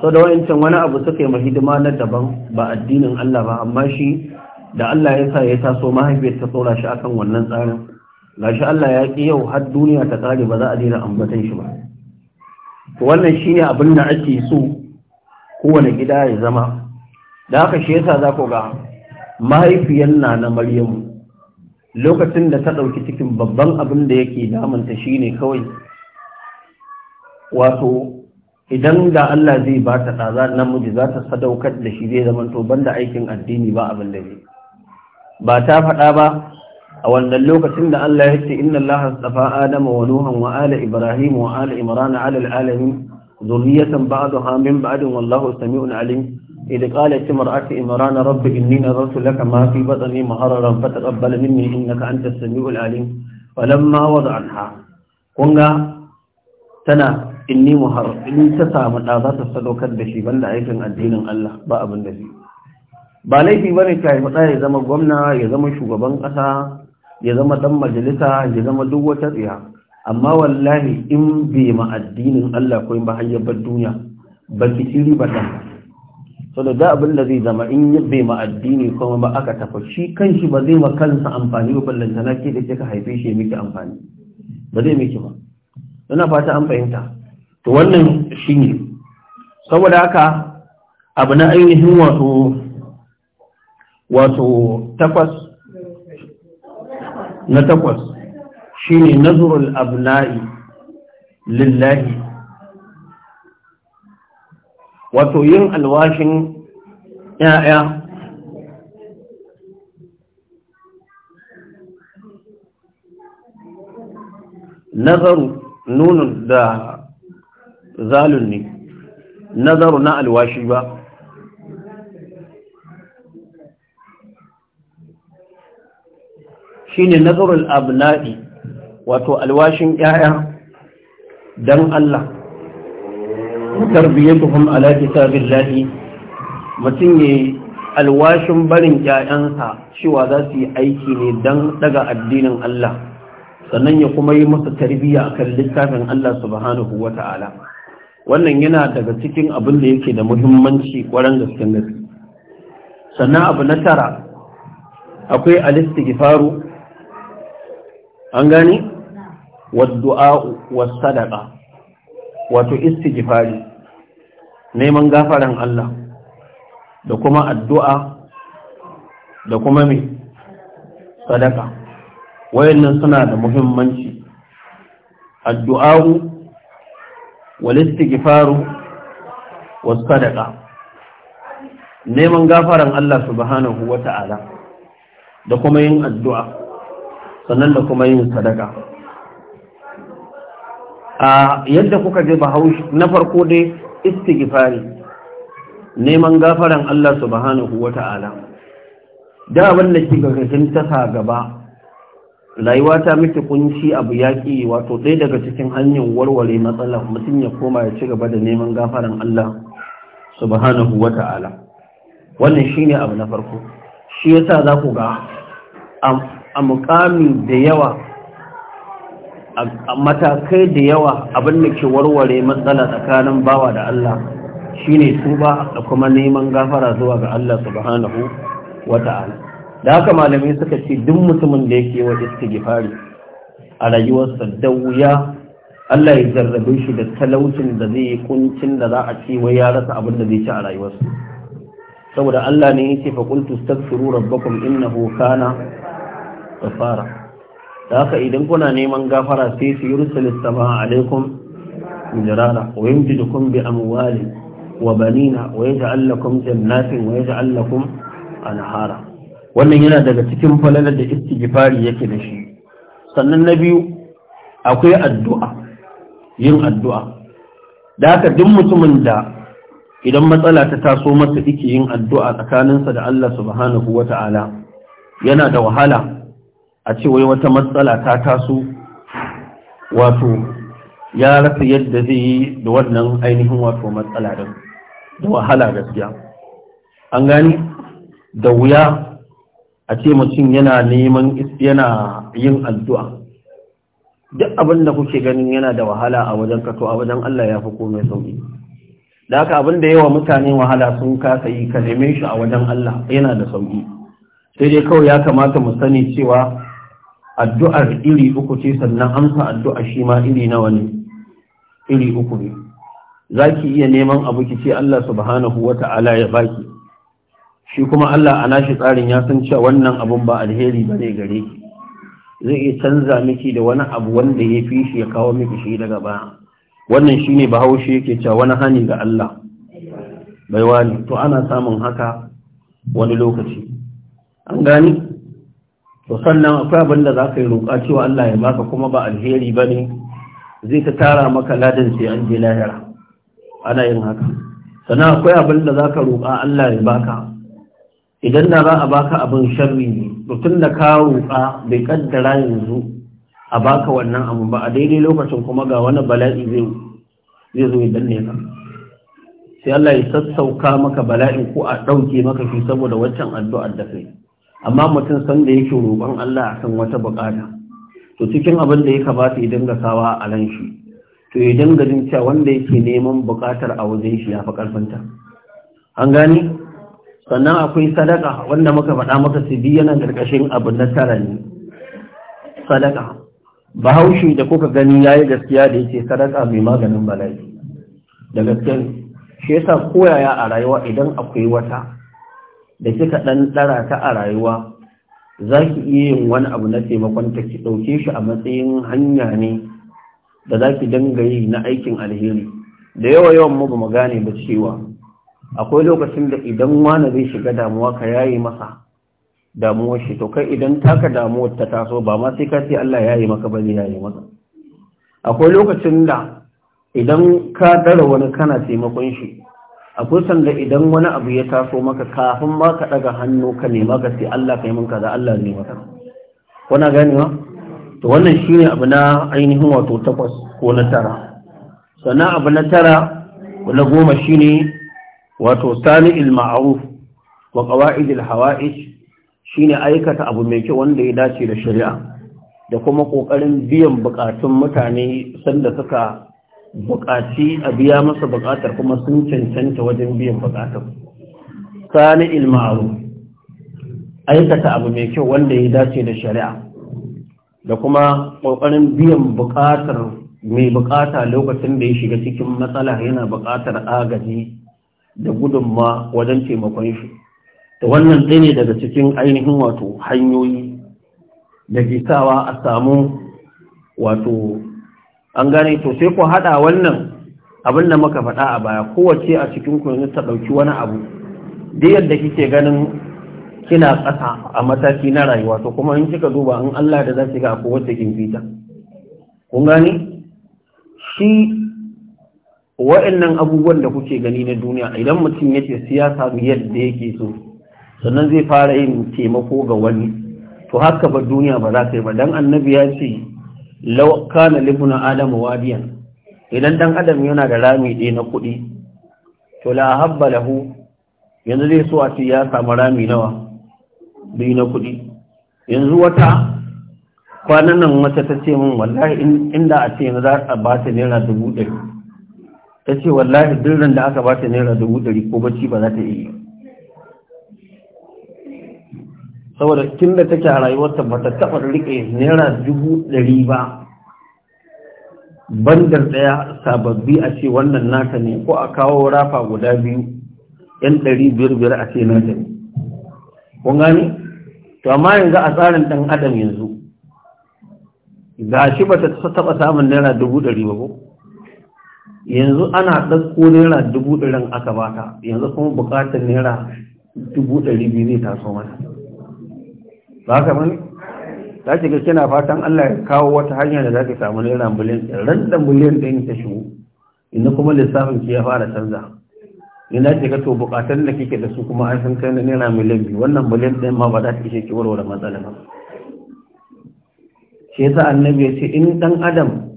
Speaker 1: so da wayancin wani abu suka yi hidima na daban ba addinin Allah ba amma shi da Allah ya sa ya taso mahaifiyar ta tsora shi akan wannan tsarin gashi Allah ya ki yau har duniya ta kare ba za a daina ambatan shi ba wannan shine abin da ake so kowane gida ya zama da haka shi yasa za ku ga mahaifiyar na na Maryamu lokacin da ta ɗauki cikin babban abin da yake damanta shi ne kawai wato idan da Allah zai ba ta ɗaza namiji za ta sadaukar da shi zai zama to banda aikin addini ba abin da zai ba ta faɗa ba a wannan lokacin da Allah ya ce inna Allah astafa Adama wa Nuhan wa ala Ibrahim wa ala Imran ala alamin zurriyatan ba'daha min ba'din wallahu sami'un alim إذ قالت امرأة إمران رب إني نظرت لك ما في بطني مهررا فتقبل مني إنك أنت السميع العليم ولما وضعنها قلنا تنا إني مهر إن تسامى ذات الصدوكة بشي بل لعيك الدين الله باء بن نبي ba laifi ba ne kai fada ya zama gwamna ya zama shugaban ƙasa ya zama ɗan majalisa ya zama duk wata tsiya amma wallahi in bai ma addinin Allah ko in ba hayyabar duniya ba ki ba ɗan so da abin da zai zama in yi ma addini kuma ba aka tafa, shi kanshi ba zai ma kansa amfani ba ballantana ke da kika haife shi miki amfani ba zai miki ba ina fata an fahimta to wannan shine saboda haka abu na ainihin wato wato takwas na takwas shine nazrul abna'i lillahi wato yin alwashin ‘ya'ya nazaru nunun da zalun ne nazaru na alwashi ba shi ne nazarul abna'i wato alwashin ‘ya'ya don Allah tarbiyatuhum ala kitabillahi mutum ya alwashin barin 'ya'yansa cewa za su yi aiki ne don daga addinin Allah sannan ya kuma yi masa tarbiyya akan littafin Allah subhanahu wata'ala wannan yana daga cikin abin da yake da muhimmanci kwaran gasken gaske sannan abu na tara akwai alistighfaru an gane wa du'a wa wato istighfari neman gafaran Allah da kuma addu'a da kuma mai sadaka wayannan suna da muhimmanci addu'a'u faru wasu sadaka. neman gafaran Allah subhanahu ta’ala da kuma yin addu'a sannan da kuma yin sadaka a yadda kuka je bahaushe na farko dai istighfari neman gafaran Allah subhanahu wata'ala da abin da kika kashin tasa gaba rayuwa ta miki kunci abu yaƙi wato ɗaya daga cikin hanyar warware matsala mutum ya koma ya ci gaba da neman gafaran Allah subhanahu wa ta'ala wannan shine abu na farko shi yasa za ku ga a mukami da yawa a matakai da yawa abin da ke warware matsala tsakanin bawa da Allah shine tuba da kuma neman gafara zuwa ga Allah subhanahu ta'ala). da haka malamai suka ce duk mutumin da yake wa istighfari a rayuwarsa da wuya Allah ya jarrabe shi da talaucin da zai yi kuncin da za a ce wai ya rasa abin da zai ci a rayuwarsa saboda Allah ne yake fa qultu astaghfiru rabbakum innahu kana ghafara da haka idan kuna neman gafara sai su yursil sama alaikum jirara wa yumjidukum bi amwali wa banina wa yaj'al lakum jannatin wa yaj'al lakum anhara wannan yana daga cikin falalar da istighfari yake da shi sannan na biyu akwai addu'a yin addu'a da haka duk mutumin da idan matsala ta taso masa yake yin addu'a tsakaninsa da Allah subhanahu wata'ala yana da wahala a ce wai wata matsala ta taso wato ya rasa yadda zai yi da wannan ainihin wato matsala da wahala gaskiya an gani da wuya a ce mutum yana neman yana yin addu'a duk abin da kuke ganin yana da wahala a wajen kato a wajen Allah ya fi komai sauƙi da haka abin da yawa mutane wahala sun kasa yi ka neme shi a wajen Allah yana da sauƙi sai dai kawai ya kamata mu sani cewa addu'ar iri uku ce sannan amsa addu'a shi ma iri nawa ne iri uku ne za ki iya neman abu ki ce Allah subhanahu wa ta'ala ya baki shi kuma Allah a nashi tsarin ya san cewa wannan abun ba alheri ba ne gare ki zai iya canza miki da wani abu wanda ya fi shi ya kawo miki shi daga baya wannan shi ne bahaushe yake cewa wani hani ga Allah Bai wani. to ana samun haka wani lokaci an gani to sannan akwai abin da za ka yi roƙa cewa Allah ya baka kuma ba alheri ba ne zai ta tara maka ladan sai an je lahira ana yin haka sannan akwai abin da za ka roƙa Allah ya baka idan na za a baka abin sharri ne mutum da ka roƙa bai kaddara yanzu a baka wannan abu ba a daidai lokacin kuma ga wani bala'i zai zo ya danne ka sai Allah ya sassauka maka bala'i ko a ɗauke maka shi saboda waccan addu'ar da kai amma mutum san da yake roƙon Allah akan wata buƙata to cikin abin da ya kamata ya dinga sawa a ran shi to ya dinga jin cewa wanda yake neman buƙatar a wajen shi ya fi ƙarfinta an gane sannan akwai sadaka wanda muka faɗa maka su bi yana ƙarƙashin abu na tara ne sadaka bahaushe da kuka gani ya yi gaskiya da yake sadaka mai maganin bala'i da gaskiya shi yasa koyaya a rayuwa idan akwai wata da kika ɗan tsara ta a rayuwa za ki iya yin wani abu na taimakon ta ki ɗauke shi a matsayin hanya ne da za ki danga yi na aikin alheri da yawa yawan mu ba gane ba cewa akwai lokacin da idan wani zai shiga damuwa ka yayi masa damuwar shi to kai idan taka damuwar ta taso ba ma sai ka ce Allah yayi maka ba zai yayi maka akwai lokacin da idan ka dara wani kana taimakon shi akwai sanda idan wani abu ya taso maka kafin ma ka daga hannu ka nema ka sai Allah ka yi kaza Allah ne maka kuna ganewa to wannan shine abu na ainihin wato takwas ko na tara sannan abu na tara na goma shine wato sani'il ma'ruf wa al hawa'ij shine aikata abu mai kyau wanda ya dace da shari'a da kuma kokarin biyan bukatun mutane sanda suka buƙaci a biya masa buƙatar kuma sun cancanta wajen biyan buƙatar sani ilmaru aikata abu mai kyau wanda ya dace da shari'a da kuma ƙoƙarin biyan buƙatar mai buƙata lokacin da ya shiga cikin matsala yana buƙatar agaji da gudunma wajen taimakon shi da wannan ɗaya ne daga cikin ainihin wato hanyoyi da ke a samu wato an gane to sai ku haɗa wannan abin da muka faɗa a baya kowace a cikin ku yanzu ta ɗauki wani abu da yadda kike ganin kina ƙasa a mataki na rayuwa to kuma in kika duba in Allah da za ki ga ko kin fita kun gane shi wa'annan abubuwan da kuke gani na duniya idan mutum yace siyasa yadda yake so sannan zai fara yin taimako ga wani to haka ba duniya ba za ta yi ba dan annabi ya ce law kana libna adamu wadiyan idan dan adam yana da rami ɗaya na kuɗi to la habba lahu yanzu zai so a ce ya samu rami nawa biyu na kuɗi yanzu wata kwanan nan wata ta ce min wallahi inda a ce za a ba ta naira dubu ɗari ta ce wallahi dirran da aka ba ta naira dubu ɗari ko bacci ba za ta iya saboda tun da take a rayuwarta ba ta taɓa riƙe naira dubu ɗari ba bandar ɗaya sababbi a ce wannan nata ne ko a kawo rafa guda biyu yan ɗari biyar biyar a ce nata ne kun gani to amma yanzu a tsarin ɗan adam yanzu ga shi ba ta taɓa samun naira dubu ɗari ba ko yanzu ana ɗauko naira dubu ɗarin aka bata yanzu kuma buƙatar naira dubu ɗari biyu zai taso mata ba ka bane ta ki ga kina fatan Allah ya kawo wata hanya da za ki samu naira miliyan ɗin ran da miliyan ɗin ta shigo inda kuma lissafin ki ya fara canza ina ce ka to bukatun da kike da su kuma an san kai na naira miliyan biyu wannan miliyan ɗin ma ba za ta ishe ki warware matsala ba shi yasa annabi ya ce in dan adam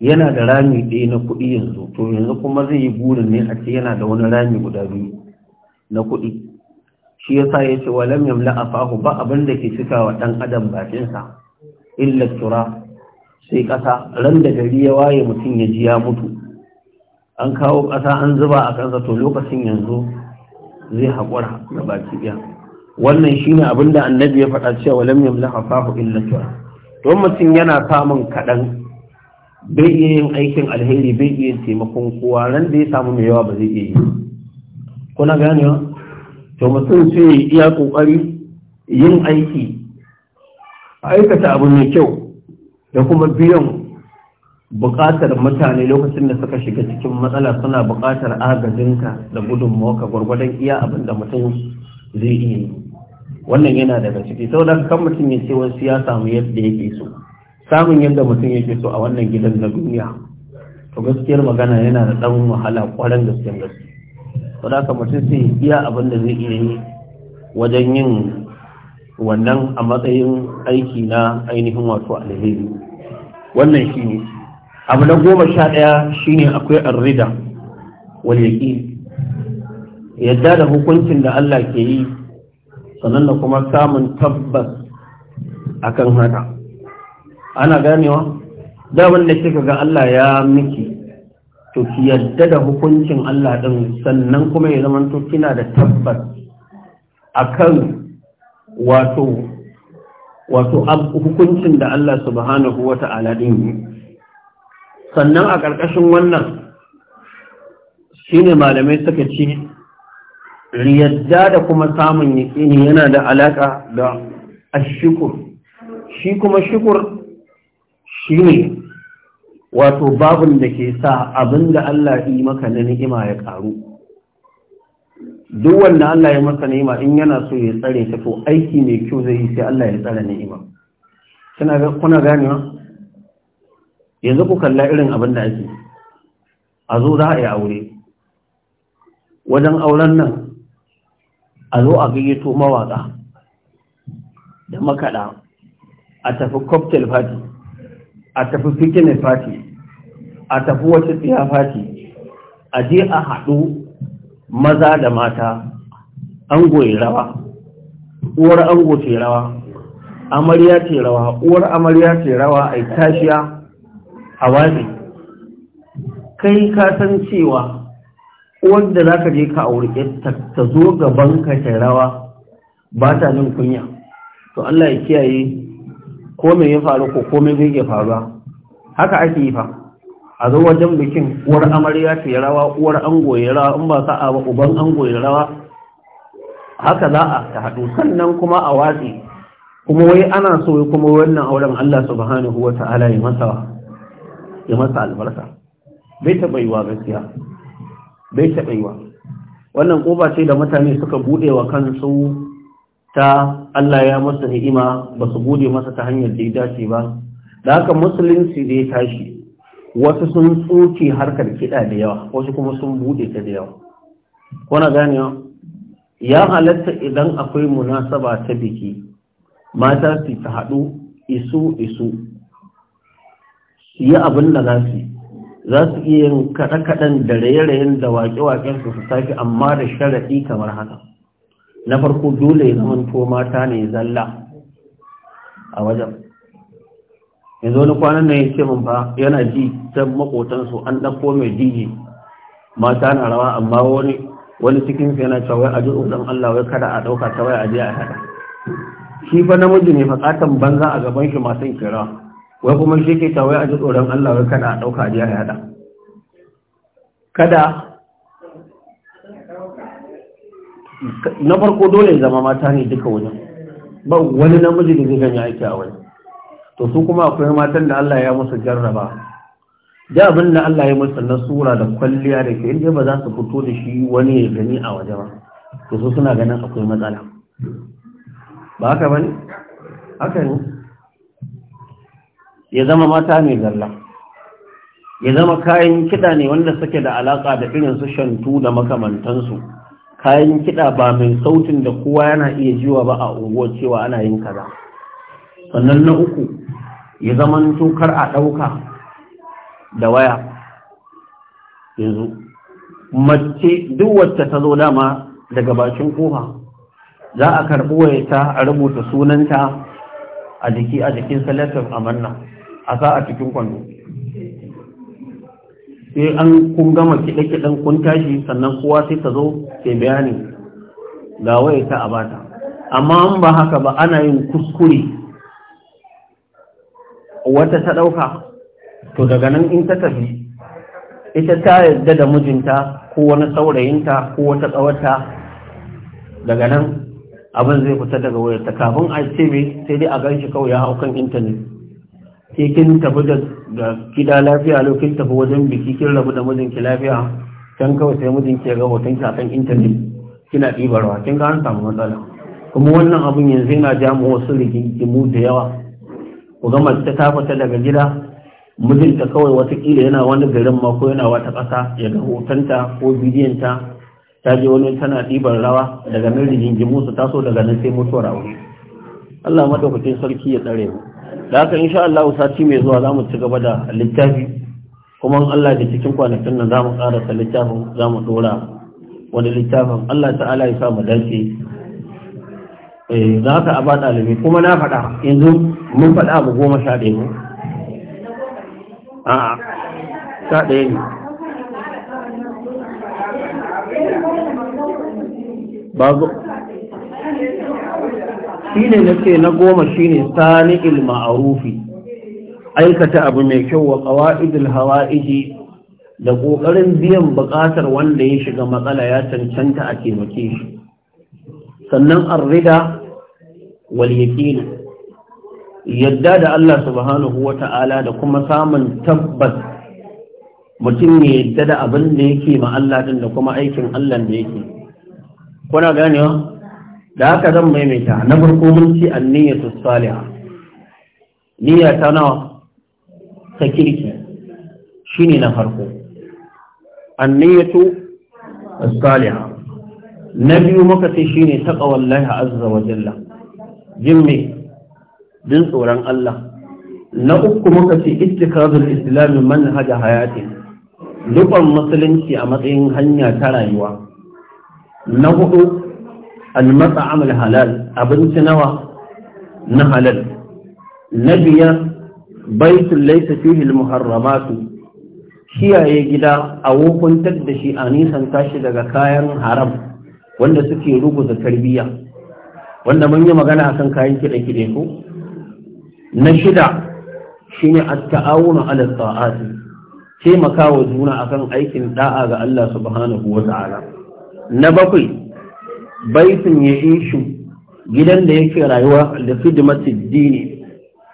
Speaker 1: yana da rami ɗaya na kuɗi yanzu to yanzu kuma zai yi burin ne a ce yana da wani rami guda biyu na kuɗi shi yasa ce walam yamla afahu ba abin da ke cika wa ɗan adam bakinsa, sa illa tura sai ƙasa ran da gari ya waye mutum ya ji ya mutu an kawo ƙasa an zuba a kansa to lokacin yanzu zai haƙura da baki ɗaya wannan shi ne abin da annabi ya faɗa cewa walam yamla afahu illa tura don mutum yana samun kaɗan bai iya yin aikin alheri bai iya taimakon kowa ran da ya samu mai yawa ba zai iya yi kuna ganewa to mutum sai iya kokari yin aiki aikata abu mai kyau da kuma biyan buƙatar mutane lokacin da suka shiga cikin matsala suna buƙatar agajinka da gudunmawa gwargwadon iya abin da mutum zai iya yi wannan yana daga ciki sau da kan mutum ya ce wasu ya samu yadda yake so samun yadda mutum yake so a wannan gidan na duniya to gaskiyar magana yana da ɗan wahala ƙwarar gaskiyar gaske wadaka mutum sai iya abin da zai iya yi wajen yin wannan a matsayin aiki na ainihin wato alheri wannan shi ne abu na goma sha ɗaya shi ne akwai arrida wal yaƙi yadda da hukuncin da Allah ke yi sannan da kuma samun tabbas akan haka ana ganewa da wanda kika ga Allah ya miki to ki yadda da hukuncin Allah ɗin sannan kuma ya zama to kina da tabbas akan wato wato hukuncin da Allah subhanahu wa ta'ala ɗin sannan a ƙarƙashin wannan shine malamai suka ce yadda da kuma samun yaƙini yana da alaƙa da ashikur shi kuma shikur shi ne wato babin da ke sa abin da Allah yi maka na ni'ima ya karu. duk wanda Allah ya masa ni'ima in yana so ya tsare ta to aiki mai kyau zai yi sai Allah ya tsare ni'ima kuna ga kuna ganewa yanzu ku kalla irin abin da ake a zo za a yi aure wajen auren nan a zo a gayyato mawaka da makaɗa a tafi cocktail party a tafi fikini fati a tafi wata tsiya fati a je a haɗu maza da mata ango ya rawa uwar ango ce rawa amarya ce rawa uwar amarya ce rawa a tashiya a wazi kai ka san cewa uwar da za ka je ka aure ta zo gaban ka ta rawa ba ta jin kunya to Allah ya kiyaye ko me ya faru ko komai zai iya faruwa haka ake yi fa a zo wajen bikin uwar amarya ta yi rawa uwar ango ya rawa in ba sa'a ba uban ango ya rawa haka za a ta haɗu sannan kuma a watsi kuma wai ana so kuma wannan auren Allah subhanahu wa ta'ala ya masa ya masa albarka bai taɓa yiwa gaskiya bai taɓa yiwa wannan ƙofa ce da mutane suka buɗe wa kansu ta Allah ya masa ni'ima ba su gode masa ta hanyar da ya dace ba da haka musulunci da ya tashi wasu sun tsoke harkar kiɗa da yawa wasu kuma sun buɗe ta da yawa kuna ganewa ya halatta idan akwai munasaba ta biki mata su ta haɗu isu isu su yi abin da za su za su iya yin kaɗe-kaɗen da raye-rayen da waƙe-waƙen su su tafi amma da sharaɗi kamar haka na farko dole ya to mata ne zalla a wajen yanzu wani kwanan nan ya ce min fa yana ji ta makotansu an ɗauko mai diji mata na rawa amma wani wani cikin su yana cewa a ji tsoron Allah wai kada a ɗauka ta waya a je a haɗa shi fa namiji ne fakatan banza a gaban shi masu kira wai kuma shi ke ta a ji tsoron Allah wai kada a ɗauka a je a haɗa kada na farko dole zama mata ne duka wajen ba wani namiji da zai ganya aiki a wani to su kuma akwai matan da Allah ya musu jarraba da abin da Allah ya musu na sura da kwalliya da ke inda ba za su fito da shi wani ya gani a waje ba to su suna ganin akwai matsala ba haka ba ne haka ne ya zama mata ne zalla ya zama kayan kiɗa ne wanda suke da alaƙa da irin su shantu da makamantansu kayan kiɗa ba mai sautin da kowa yana iya jiwa ba a unguwa cewa ana yin kaza sannan na uku ya zama tokar a ɗauka da waya yanzu mace duk wacce ta zo dama daga bakin kofa za a karɓi wayata a rubuta sunanta a jiki a jikin salatin amanna a sa a cikin kwando sai an kun gama kiɗe-kiɗen kun tashi sannan kowa sai ta zo ke bayani ga waye ta abata amma an ba haka ba ana yin kuskure wata ta ɗauka to daga nan in ta tafi ita ta yadda da mijinta ko wani saurayinta ko wata ƙawarta daga nan abin zai fita daga wayarta kafin a ce mai sai dai a ganshi shi kawai ya hau kan intanet ke kin tafi da gida lafiya lokacin tafi wajen biki kin rabu da mijinki lafiya can kawai sai mijinki ya ga hoton ki akan intanet kina ɗibarwa kin ga an samu matsala kuma wannan abun yanzu yana ja mu wasu rigingimu da yawa ku ga mace ta fita daga gida mijinta kawai watakila yana wani garin ma ko yana wata ƙasa ya ga hotonta ko bidiyonta ta je wani tana ɗibar rawa daga nan rigingimu su taso daga nan sai mutuwar aure Allah madaukakin sarki ya tsare mu da haka insha Allah sati mai zuwa za mu ci gaba da littafi kuma Allah da cikin kwanakin nan za mu karasa littafin za mu dora wani littafin Allah ta'ala ya sa mu dace eh za ka ba dalibi kuma na faɗa yanzu mun faɗa abu goma sha ɗaya ne a'a sha ɗaya ne ba shine nace na goma shine a rufi, aikata abu mai kyau wa qawaidul hawaiji da ƙoƙarin biyan bukatar wanda ya shiga matsala ya cancanta a taimake shi sannan arrida wal yaqin yadda da Allah subhanahu wa ta'ala da kuma samun tabbas mutum ya yadda da abin da yake ma Allah din da kuma aikin Allah da yake. Kuna ganewa? da haka zan maimaita na farko mun ci anniyatu salihah niyya ta nawa ta kirki Shi ne na farko anniyatu salihah na biyu muka ce shine taqwallahi azza wa jalla jin mai. jin tsoron Allah na uku muka ce ittikazul islam manhaja hayati Dukkan musulunci a matsayin hanya ta rayuwa na hudu Halal, abinci nawa? Na halal. Na biyar baitul Laisa fihi almuharramatu kiyaye gida a wukuntar da shi a nisan tashi daga kayan haram wanda suke ruguza tarbiyya wanda mun yi magana a kan kayan kiɗe-kiɗe ko na shida shine at-ta'awunu 'ala at-ta'ati taimakawa juna akan aikin da'a ga Allah subhanahu wa ta'ala na bakwai baitin ya ishu gidan da yake rayuwa da hidimati dini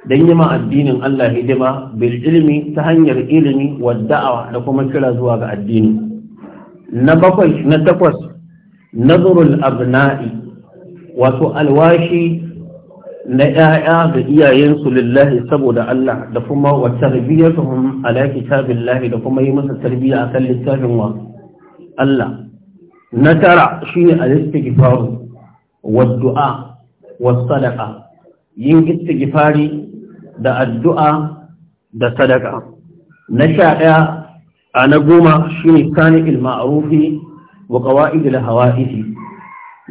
Speaker 1: don yi ma addinin Allah hidima bil ilimi ta hanyar ilimi wa da'awa da kuma kira zuwa ga addini na bakwai na takwas nazarul abna'i wato alwashi na ‘ya'ya da iyayensu lillahi saboda Allah da kuma wa tarbiyyatuhum ala kitabillahi da kuma yi masa tarbiyya akan littafin wa Allah na tara shine al-istighfar wa du'a wa sadaqa yin istighfari da addu'a da sadaka na sha ɗaya a na goma shine sani ilma'arufi wa qawaid al-hawa'isi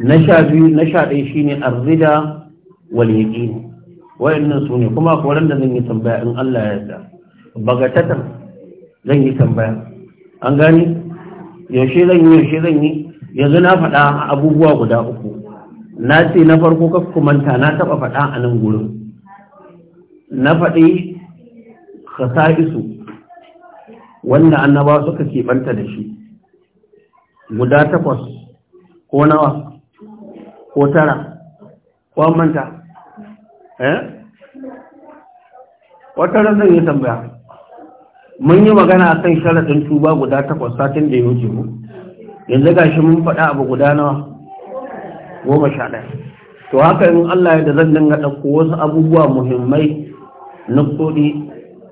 Speaker 1: na sha biyu na sha ɗaya shine arzida wal yaqin wayannan su ne kuma akwai da zan yi tambaya in Allah ya yarda bagatatan zan yi tambaya an gani yaushe zan yi yaushe zan yi yanzu na faɗa abubuwa guda uku na ce na farko ka kumanta na taɓa faɗa a nan gurin na faɗi ka sa isu, wanda annaba suka keɓanta da shi guda takwas ko nawa ko tara ko manta eh wata ranar ya tambaya mun yi magana a kan sharaɗin tuba guda takwas satin da ya wuce mu yanzu ga shi mun faɗa abu guda nawa goma sha ɗaya to haka in Allah ya da zan dinga ɗauko wasu abubuwa muhimmai na kuɗi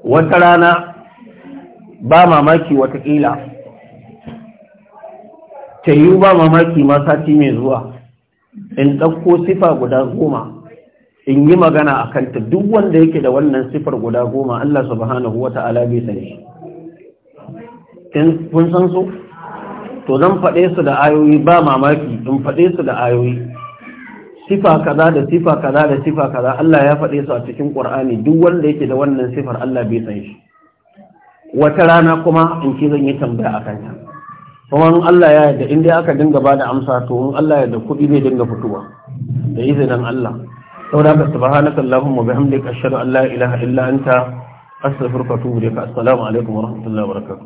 Speaker 1: wata rana ba mamaki watakila ta yiwu ba mamaki ma sati mai zuwa in ɗauko sifa guda goma in yi magana a kanta duk wanda yake da wannan sifar guda goma Allah subhanahu wa ta'ala bai sani kun san su to zan faɗe su da ayoyi ba mamaki in faɗe su da ayoyi sifa kaza da sifa kaza da sifa kaza Allah ya faɗe su a cikin Qur'ani duk wanda yake da wannan sifar Allah bai san shi wata rana kuma in ce zan yi tambaya a kanta. kuma in Allah ya yarda in dai aka dinga bada amsa to in Allah ya yarda kuɗi zai dinga fitowa da izinin Allah saboda ka subhanaka allahumma bihamdika ashhadu an la ilaha illa anta astaghfiruka wa atubu ilaik assalamu alaikum wa rahmatullahi wa barakatuh